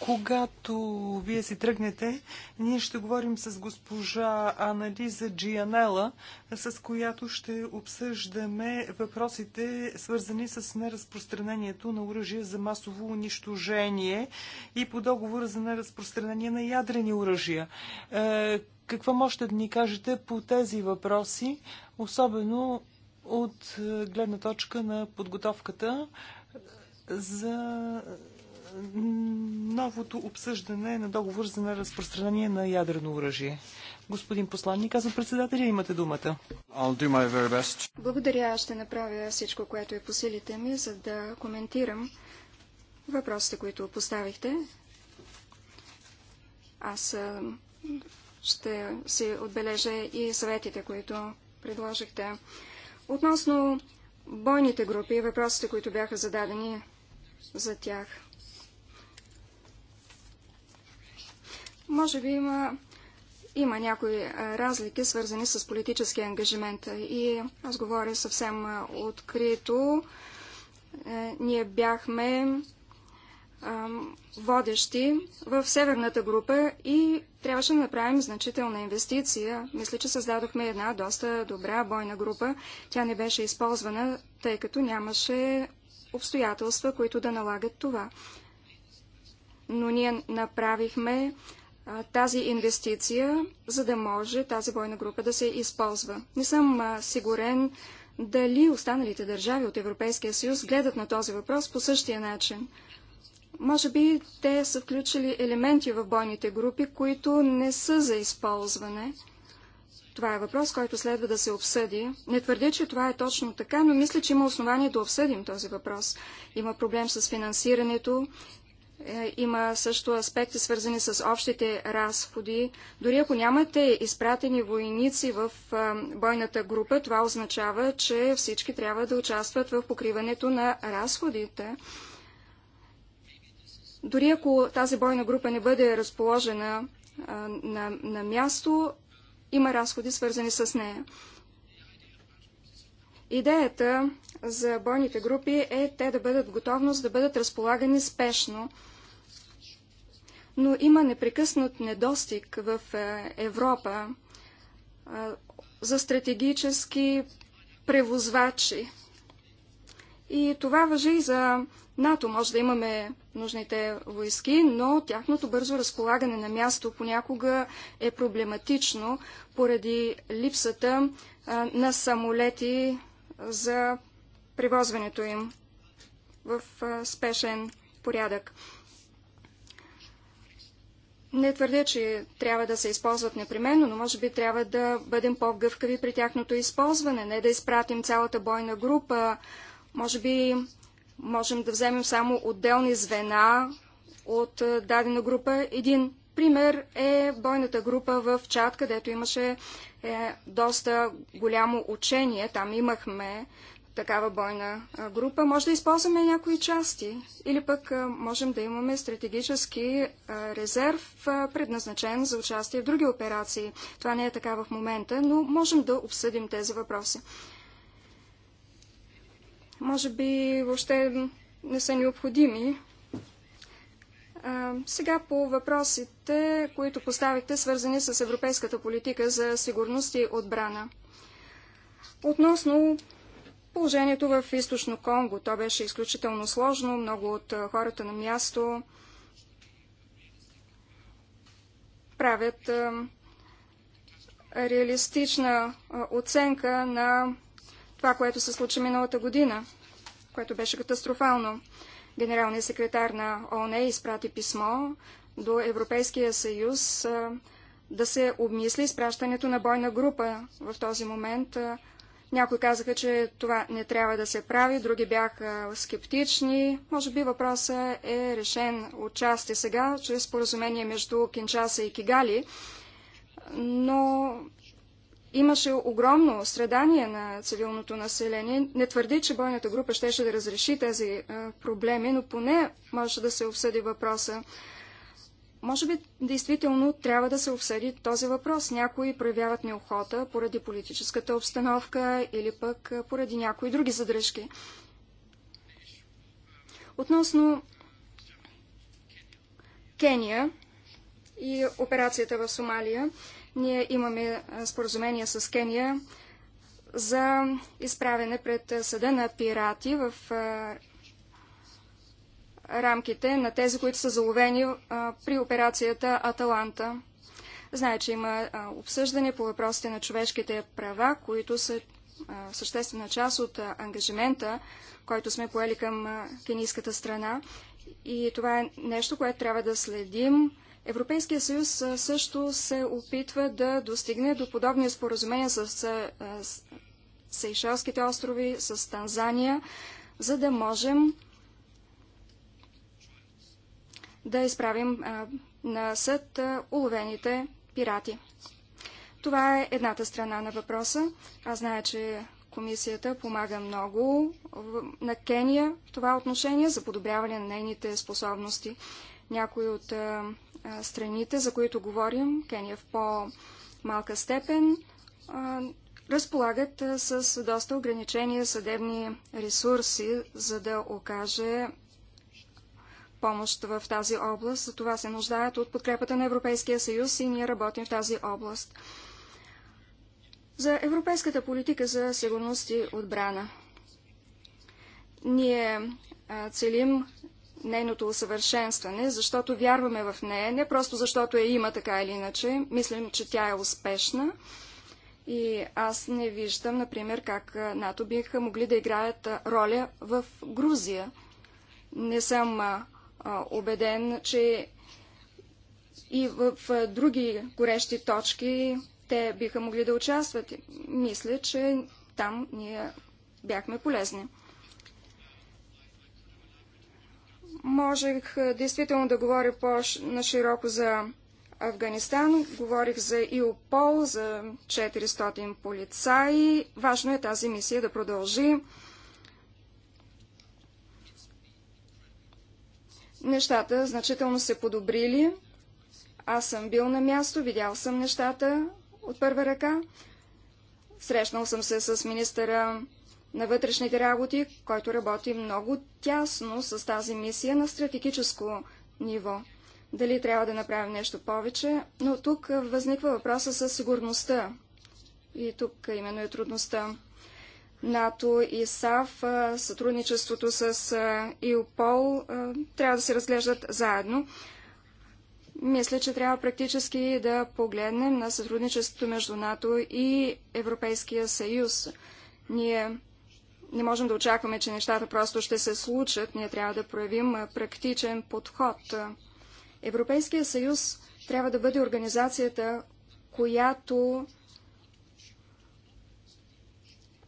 Когато вие си тръгнете, ние ще говорим с госпожа Анализа Джианела, с която ще обсъждаме въпросите, свързани с неразпространението на оръжие за масово унищожение и по договора за неразпространение на ядрени оръжия. Е, какво можете да ни кажете по тези въпроси, особено от е, гледна точка на подготовката за новото обсъждане е на договор за неразпространение разпространение на ядрено оръжие. Господин посланник, казвам председателя, имате думата. Благодаря, ще направя всичко, което е по силите ми, за да коментирам въпросите, които поставихте. Аз ще си отбележа и съветите, които предложихте. Относно бойните групи и въпросите, които бяха зададени за тях – Може би има, има някои разлики, свързани с политически ангажимент. И аз говоря съвсем открито. Е, ние бяхме водещи в северната група и трябваше да направим значителна инвестиция. Мисля, че създадохме една доста добра бойна група. Тя не беше използвана, тъй като нямаше обстоятелства, които да налагат това. Но ние направихме тази инвестиция, за да може тази бойна група да се използва. Не съм сигурен дали останалите държави от Европейския съюз гледат на този въпрос по същия начин. Може би те са включили елементи в бойните групи, които не са за използване. Това е въпрос, който следва да се обсъди. Не твърдя, че това е точно така, но мисля, че има основание да обсъдим този въпрос. Има проблем с финансирането, е, има също аспекти, свързани с общите разходи. Дори ако нямате изпратени войници в бойната група, това означава, че всички трябва да участват в покриването на разходите. Дори ако тази бойна група не бъде разположена на, на място, има разходи, свързани с нея. Идеята за бойните групи е те да бъдат готовност да бъдат разполагани спешно, но има непрекъснат недостиг в е, Европа е, за стратегически превозвачи. И това въжи и за НАТО. Може да имаме нужните войски, но тяхното бързо разполагане на място понякога е проблематично поради липсата е, на самолети за привозването им в спешен порядък. Не твърдя, че трябва да се използват непременно, но може би трябва да бъдем по-гъвкави при тяхното използване, не да изпратим цялата бойна група. Може би можем да вземем само отделни звена от дадена група. Един пример е бойната група в Чад, където имаше е доста голямо учение. Там имахме такава бойна група. Може да използваме някои части или пък можем да имаме стратегически резерв, предназначен за участие в други операции. Това не е така в момента, но можем да обсъдим тези въпроси. Може би въобще не са необходими сега по въпросите, които поставихте, свързани с европейската политика за сигурност и отбрана. Относно положението в източно Конго, то беше изключително сложно, много от хората на място правят реалистична оценка на това, което се случи миналата година, което беше катастрофално. Генералният секретар на ООН изпрати писмо до Европейския съюз да се обмисли изпращането на бойна група в този момент. някои казаха, че това не трябва да се прави, други бяха скептични. Може би въпросът е решен отчасти сега, чрез споразумение между Кинчаса и Кигали, но Имаше огромно страдание на цивилното население. Не твърди, че бойната група щеше да разреши тези проблеми, но поне може да се обсъди въпроса. Може би действително трябва да се обсъди този въпрос. Някои проявяват неохота поради политическата обстановка или пък поради някои други задръжки. Относно Кения и операцията в Сомалия, ние имаме споразумение с Кения за изправене пред съда на пирати в рамките на тези, които са заловени при операцията Аталанта. Знае, че има обсъждане по въпросите на човешките права, които са съществена част от ангажимента, който сме поели към кенийската страна. И това е нещо, което трябва да следим Европейския съюз също се опитва да достигне до подобни споразумения с Сейшелските острови, с Танзания, за да можем да изправим на съд уловените пирати. Това е едната страна на въпроса. Аз зная, че комисията помага много на Кения в това отношение за подобряване на нейните способности. Някои от страните, за които говорим, Кения в по-малка степен, разполагат с доста ограничени съдебни ресурси, за да окаже помощ в тази област. За това се нуждаят от подкрепата на Европейския съюз и ние работим в тази област. За европейската политика за сигурност и отбрана. Ние целим нейното усъвършенстване, защото вярваме в нея, не просто защото я има така или иначе. Мислим, че тя е успешна. И аз не виждам, например, как НАТО биха могли да играят роля в Грузия. Не съм а, убеден, че и в други горещи точки те биха могли да участват. Мисля, че там ние бяхме полезни. Можех действително да говоря по-нашироко за Афганистан, говорих за ИОПОЛ, за 400 полицаи. Важно е тази мисия да продължи. Нещата значително се подобрили. Аз съм бил на място, видял съм нещата от първа ръка. Срещнал съм се с министъра на вътрешните работи, който работи много тясно с тази мисия на стратегическо ниво. Дали трябва да направим нещо повече, но тук възниква въпроса със сигурността. И тук именно е трудността. НАТО и САВ, сътрудничеството с ИОПОЛ трябва да се разглеждат заедно. Мисля, че трябва практически да погледнем на сътрудничеството между НАТО и Европейския съюз. Ние не можем да очакваме, че нещата просто ще се случат. Ние трябва да проявим практичен подход. Европейския съюз трябва да бъде организацията, която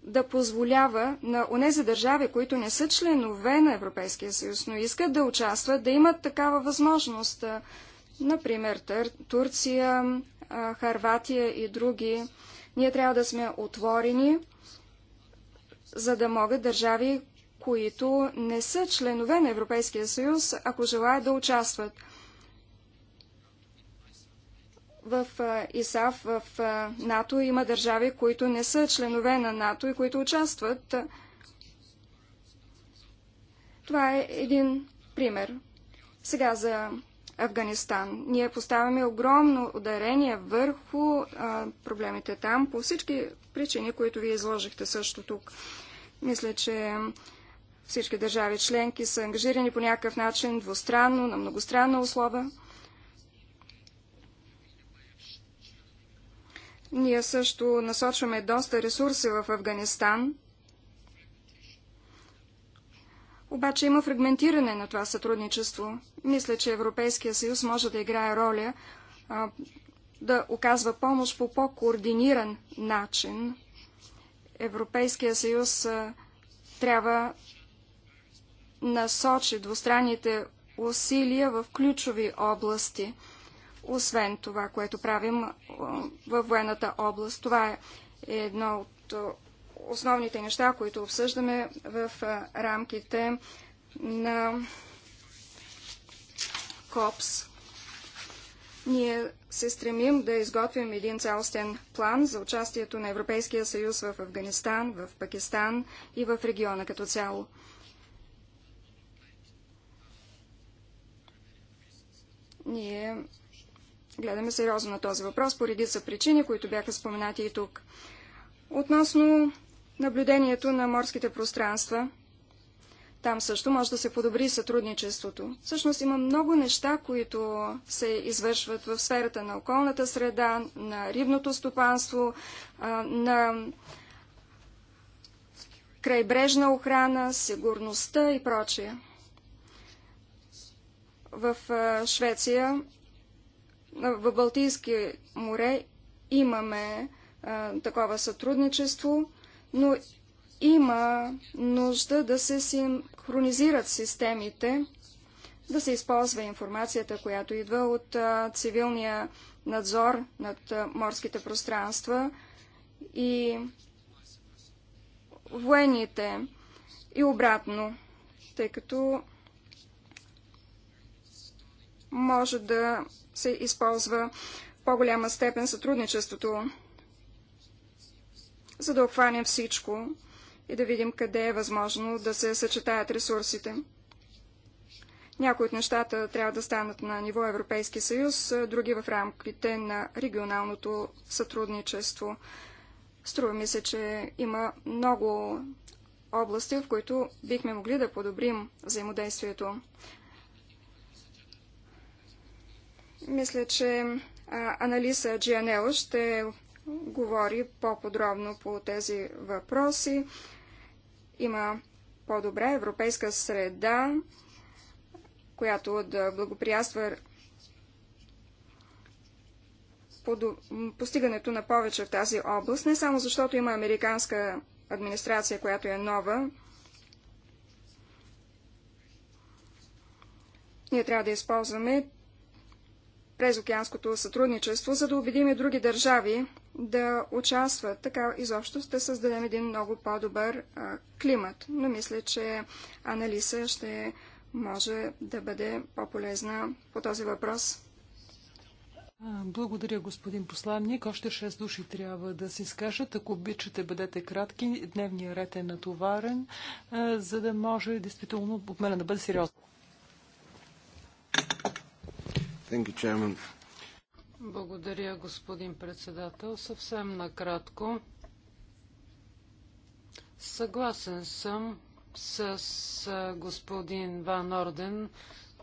да позволява на онези държави, които не са членове на Европейския съюз, но искат да участват, да имат такава възможност. Например, Турция, Харватия и други. Ние трябва да сме отворени за да могат държави, които не са членове на Европейския съюз, ако желаят да участват. В ИСАФ, в НАТО има държави, които не са членове на НАТО и които участват. Това е един пример. Сега за Афганистан. Ние поставяме огромно ударение върху а, проблемите там по всички причини, които вие изложихте също тук. Мисля, че всички държави членки са ангажирани по някакъв начин двустранно, на многостранна условия. Ние също насочваме доста ресурси в Афганистан. Обаче има фрагментиране на това сътрудничество. Мисля, че Европейския съюз може да играе роля а, да оказва помощ по по-координиран начин Европейския съюз трябва насочи двустранните усилия в ключови области, освен това, което правим във военната област. Това е едно от основните неща, които обсъждаме в рамките на КОПС. Ние се стремим да изготвим един цялостен план за участието на Европейския съюз в Афганистан, в Пакистан и в региона като цяло. Ние гледаме сериозно на този въпрос по редица причини, които бяха споменати и тук. Относно наблюдението на морските пространства – там също може да се подобри сътрудничеството. Всъщност има много неща, които се извършват в сферата на околната среда, на рибното стопанство, на крайбрежна охрана, сигурността и прочее. В Швеция, в Балтийски море имаме такова сътрудничество, но има нужда да се синхронизират системите, да се използва информацията, която идва от цивилния надзор над морските пространства и военните и обратно, тъй като може да се използва в по-голяма степен сътрудничеството, за да обхванем всичко и да видим къде е възможно да се съчетаят ресурсите. Някои от нещата трябва да станат на ниво Европейски съюз, други в рамките на регионалното сътрудничество. Струва ми се, че има много области, в които бихме могли да подобрим взаимодействието. Мисля, че Аналиса Джианел ще говори по-подробно по тези въпроси има по-добра европейска среда, която да благоприятства постигането на повече в тази област, не само защото има американска администрация, която е нова. Ние трябва да използваме през океанското сътрудничество, за да убедим и други държави да участват, така изобщо да създадем един много по-добър климат. Но мисля, че анализа ще може да бъде по-полезна по този въпрос. Благодаря, господин посланник. Още 6 души трябва да се изкажат. Ако обичате, бъдете кратки. Дневният ред е натоварен, за да може действително обмена да бъде сериозно. You, Благодаря, господин председател. Съвсем накратко. Съгласен съм с господин Ван Орден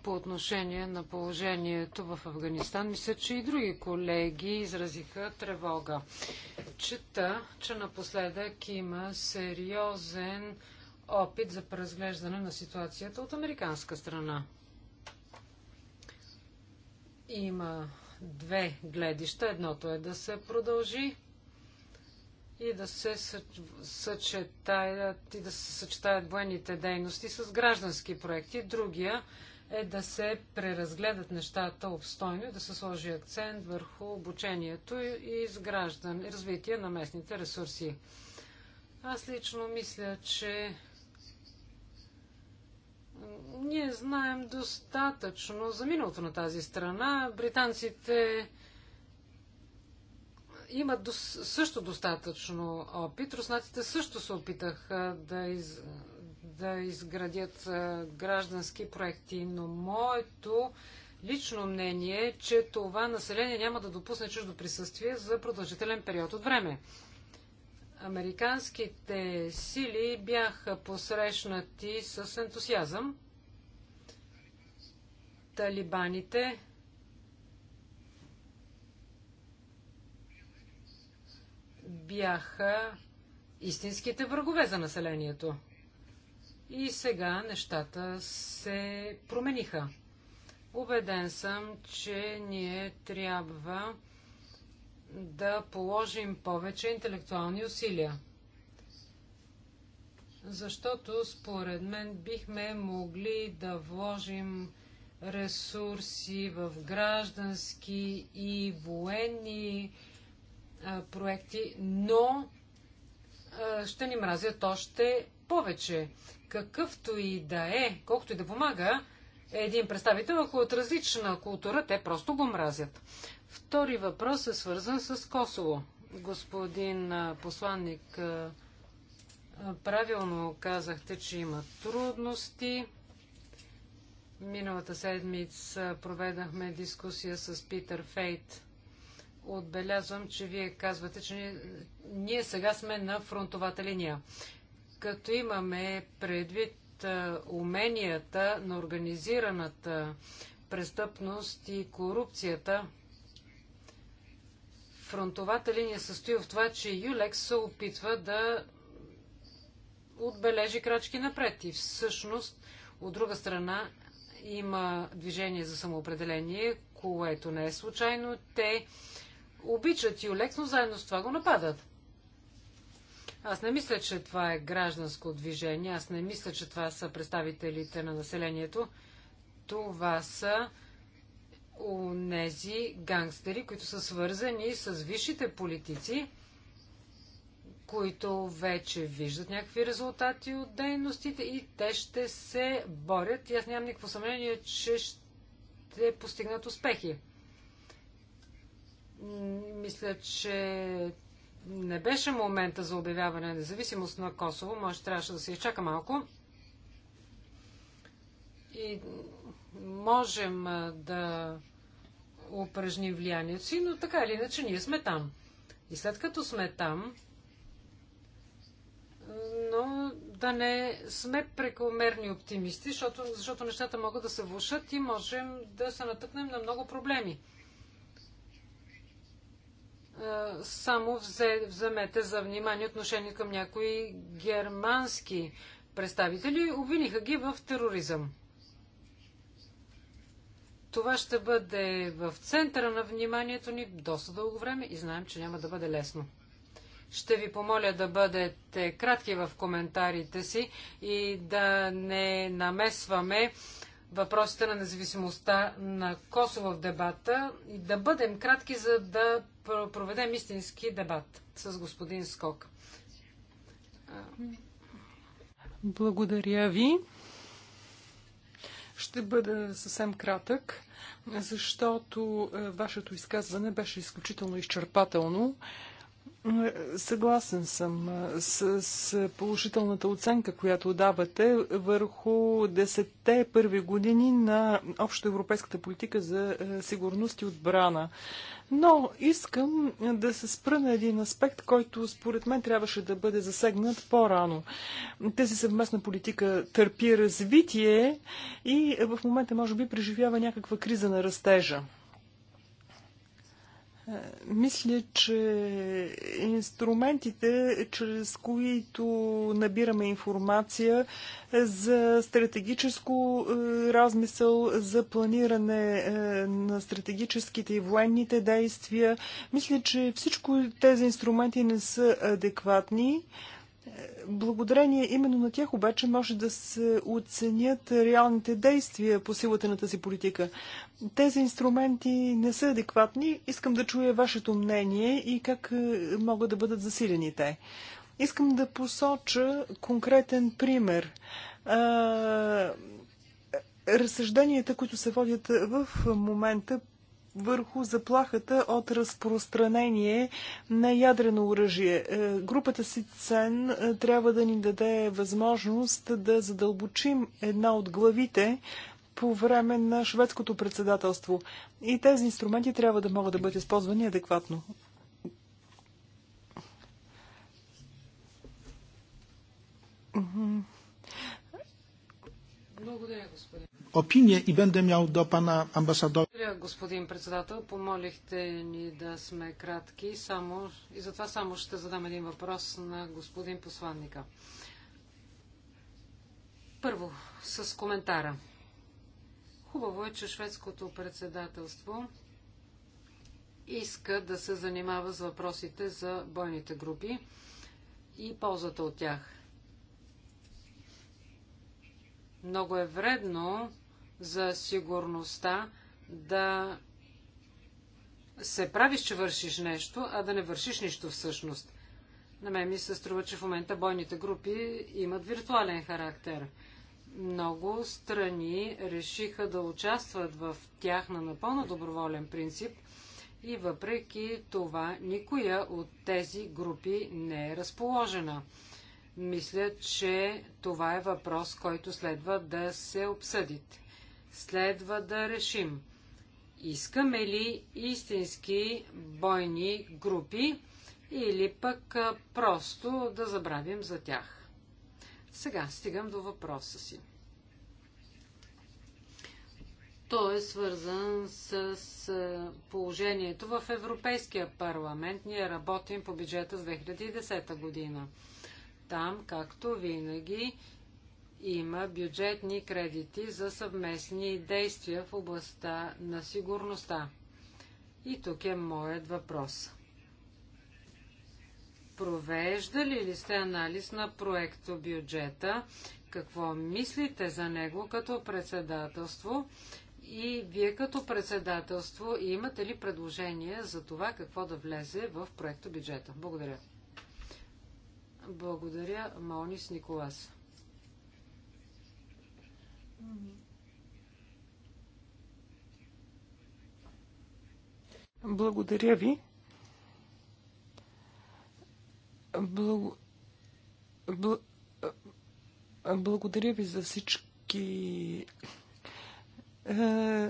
по отношение на положението в Афганистан. Мисля, че и други колеги изразиха тревога. Чета, че напоследък има сериозен опит за преразглеждане на ситуацията от американска страна. Има две гледища. Едното е да се продължи и да се съчетаят, и да се съчетаят военните дейности с граждански проекти. Другия е да се преразгледат нещата обстойно и да се сложи акцент върху обучението и изграждане, развитие на местните ресурси. Аз лично мисля, че ние знаем достатъчно за миналото на тази страна. Британците имат до... също достатъчно опит. Руснаците също се опитаха да, из... да изградят граждански проекти, но моето лично мнение е, че това население няма да допусне чуждо присъствие за продължителен период от време. Американските сили бяха посрещнати с ентусиазъм. Талибаните бяха истинските врагове за населението. И сега нещата се промениха. Убеден съм, че ние трябва да положим повече интелектуални усилия. Защото според мен бихме могли да вложим ресурси в граждански и военни а, проекти, но а, ще ни мразят още повече. Какъвто и да е, колкото и да помага, един представител, ако е от различна култура, те просто го мразят. Втори въпрос е свързан с Косово. Господин посланник, правилно казахте, че има трудности. Миналата седмица проведахме дискусия с Питър Фейт. Отбелязвам, че вие казвате, че ние, сега сме на фронтовата линия. Като имаме предвид уменията на организираната престъпност и корупцията, фронтовата линия състои в това, че Юлекс се опитва да отбележи крачки напред. И всъщност, от друга страна, има движение за самоопределение, което не е случайно. Те обичат Юлекс, но заедно с това го нападат. Аз не мисля, че това е гражданско движение. Аз не мисля, че това са представителите на населението. Това са онези гангстери, които са свързани с висшите политици, които вече виждат някакви резултати от дейностите и те ще се борят. И аз нямам никакво съмнение, че ще постигнат успехи. Мисля, че не беше момента за обявяване на независимост на Косово. Може трябваше да се изчака малко. И можем да упражним влиянието си, но така или иначе ние сме там. И след като сме там, но да не сме прекомерни оптимисти, защото, защото нещата могат да се влушат и можем да се натъкнем на много проблеми. Само вземете за внимание отношение към някои германски представители. Обвиниха ги в тероризъм. Това ще бъде в центъра на вниманието ни доста дълго време и знаем, че няма да бъде лесно. Ще ви помоля да бъдете кратки в коментарите си и да не намесваме въпросите на независимостта на Косово в дебата и да бъдем кратки, за да проведем истински дебат с господин Скок. Благодаря ви. Ще бъда съвсем кратък защото е, вашето изказване беше изключително изчерпателно. Е, съгласен съм е, с, положителната оценка, която давате върху 10-те първи години на общоевропейската политика за сигурност и отбрана. Но искам да се спра на един аспект, който според мен трябваше да бъде засегнат по-рано. Тази съвместна политика търпи развитие и в момента може би преживява някаква криза на растежа. Мисля, че инструментите, чрез които набираме информация за стратегическо е, размисъл, за планиране е, на стратегическите и военните действия, мисля, че всичко тези инструменти не са адекватни. Благодарение именно на тях обаче може да се оценят реалните действия по силата на тази политика. Тези инструменти не са адекватни. Искам да чуя вашето мнение и как е, могат да бъдат засилени те. Искам да посоча конкретен пример. Разсъжденията, които се водят в момента върху заплахата от разпространение на ядрено оръжие. Е, групата СИЦЕН е, трябва да ни даде възможност да задълбочим една от главите по време на шведското председателство. И тези инструменти трябва да могат да бъдат използвани адекватно. Благодаря, господин opinię i będę miał do pana ambasadora. Благодаря, господин председател. Помолихте ни да сме кратки само, и затова само ще задам един въпрос на господин посланника. Първо, с коментара. Хубаво е, че шведското председателство иска да се занимава с въпросите за бойните групи и ползата от тях. Много е вредно за сигурността да се правиш, че вършиш нещо, а да не вършиш нищо всъщност. На мен ми се струва, че в момента бойните групи имат виртуален характер. Много страни решиха да участват в тях на напълно доброволен принцип и въпреки това никоя от тези групи не е разположена. Мисля, че това е въпрос, който следва да се обсъдите следва да решим. Искаме ли истински бойни групи или пък просто да забравим за тях? Сега стигам до въпроса си. Той е свързан с положението в Европейския парламент. Ние работим по бюджета с 2010 година. Там, както винаги, има бюджетни кредити за съвместни действия в областта на сигурността. И тук е моят въпрос. Провеждали ли сте анализ на проекто бюджета? Какво мислите за него като председателство? И вие като председателство имате ли предложение за това какво да влезе в проекто бюджета? Благодаря. Благодаря, Маонис Николас. Благодаря ви. Бл... Благодаря ви за всички е...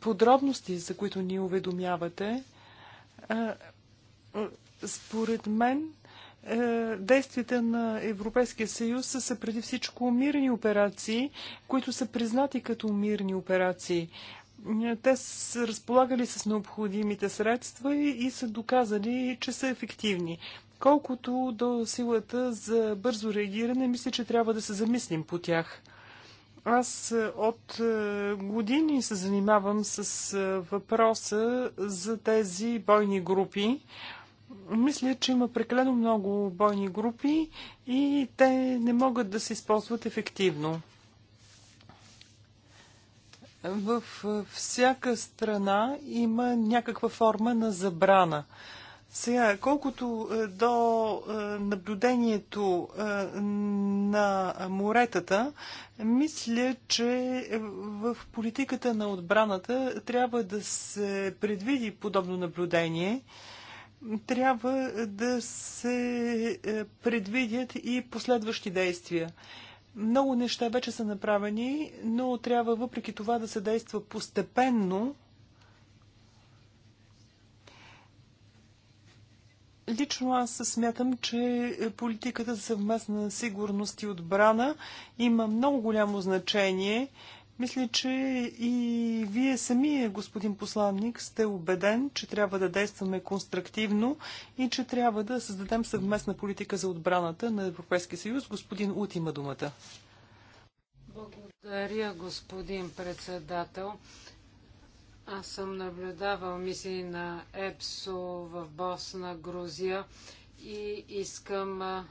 подробности, за които ни уведомявате. Е... Според мен, е, действията на Европейския съюз са преди всичко мирни операции, които са признати като мирни операции. Е, те са разполагали с необходимите средства и са доказали, че са ефективни. Колкото до силата за бързо реагиране, мисля, че трябва да се замислим по тях. Аз е, от години се занимавам с въпроса за тези бойни групи. Мисля, че има прекалено много бойни групи и те не могат да се използват ефективно. В всяка страна има някаква форма на забрана. Сега, колкото е, до е, наблюдението е, на моретата, мисля, че в политиката на отбраната трябва да се предвиди подобно наблюдение трябва да се е, предвидят и последващи действия. Много неща вече са направени, но трябва въпреки това да се действа постепенно. Лично аз смятам, че политиката за съвместна сигурност и отбрана има много голямо значение – мисля, че и вие самия, господин посланник, сте убеден, че трябва да действаме конструктивно и че трябва да създадем съвместна политика за отбраната на Европейския съюз. Господин Ут има думата. Благодаря, господин председател. Аз съм наблюдавал мисии на ЕПСО в Босна, Грузия и искам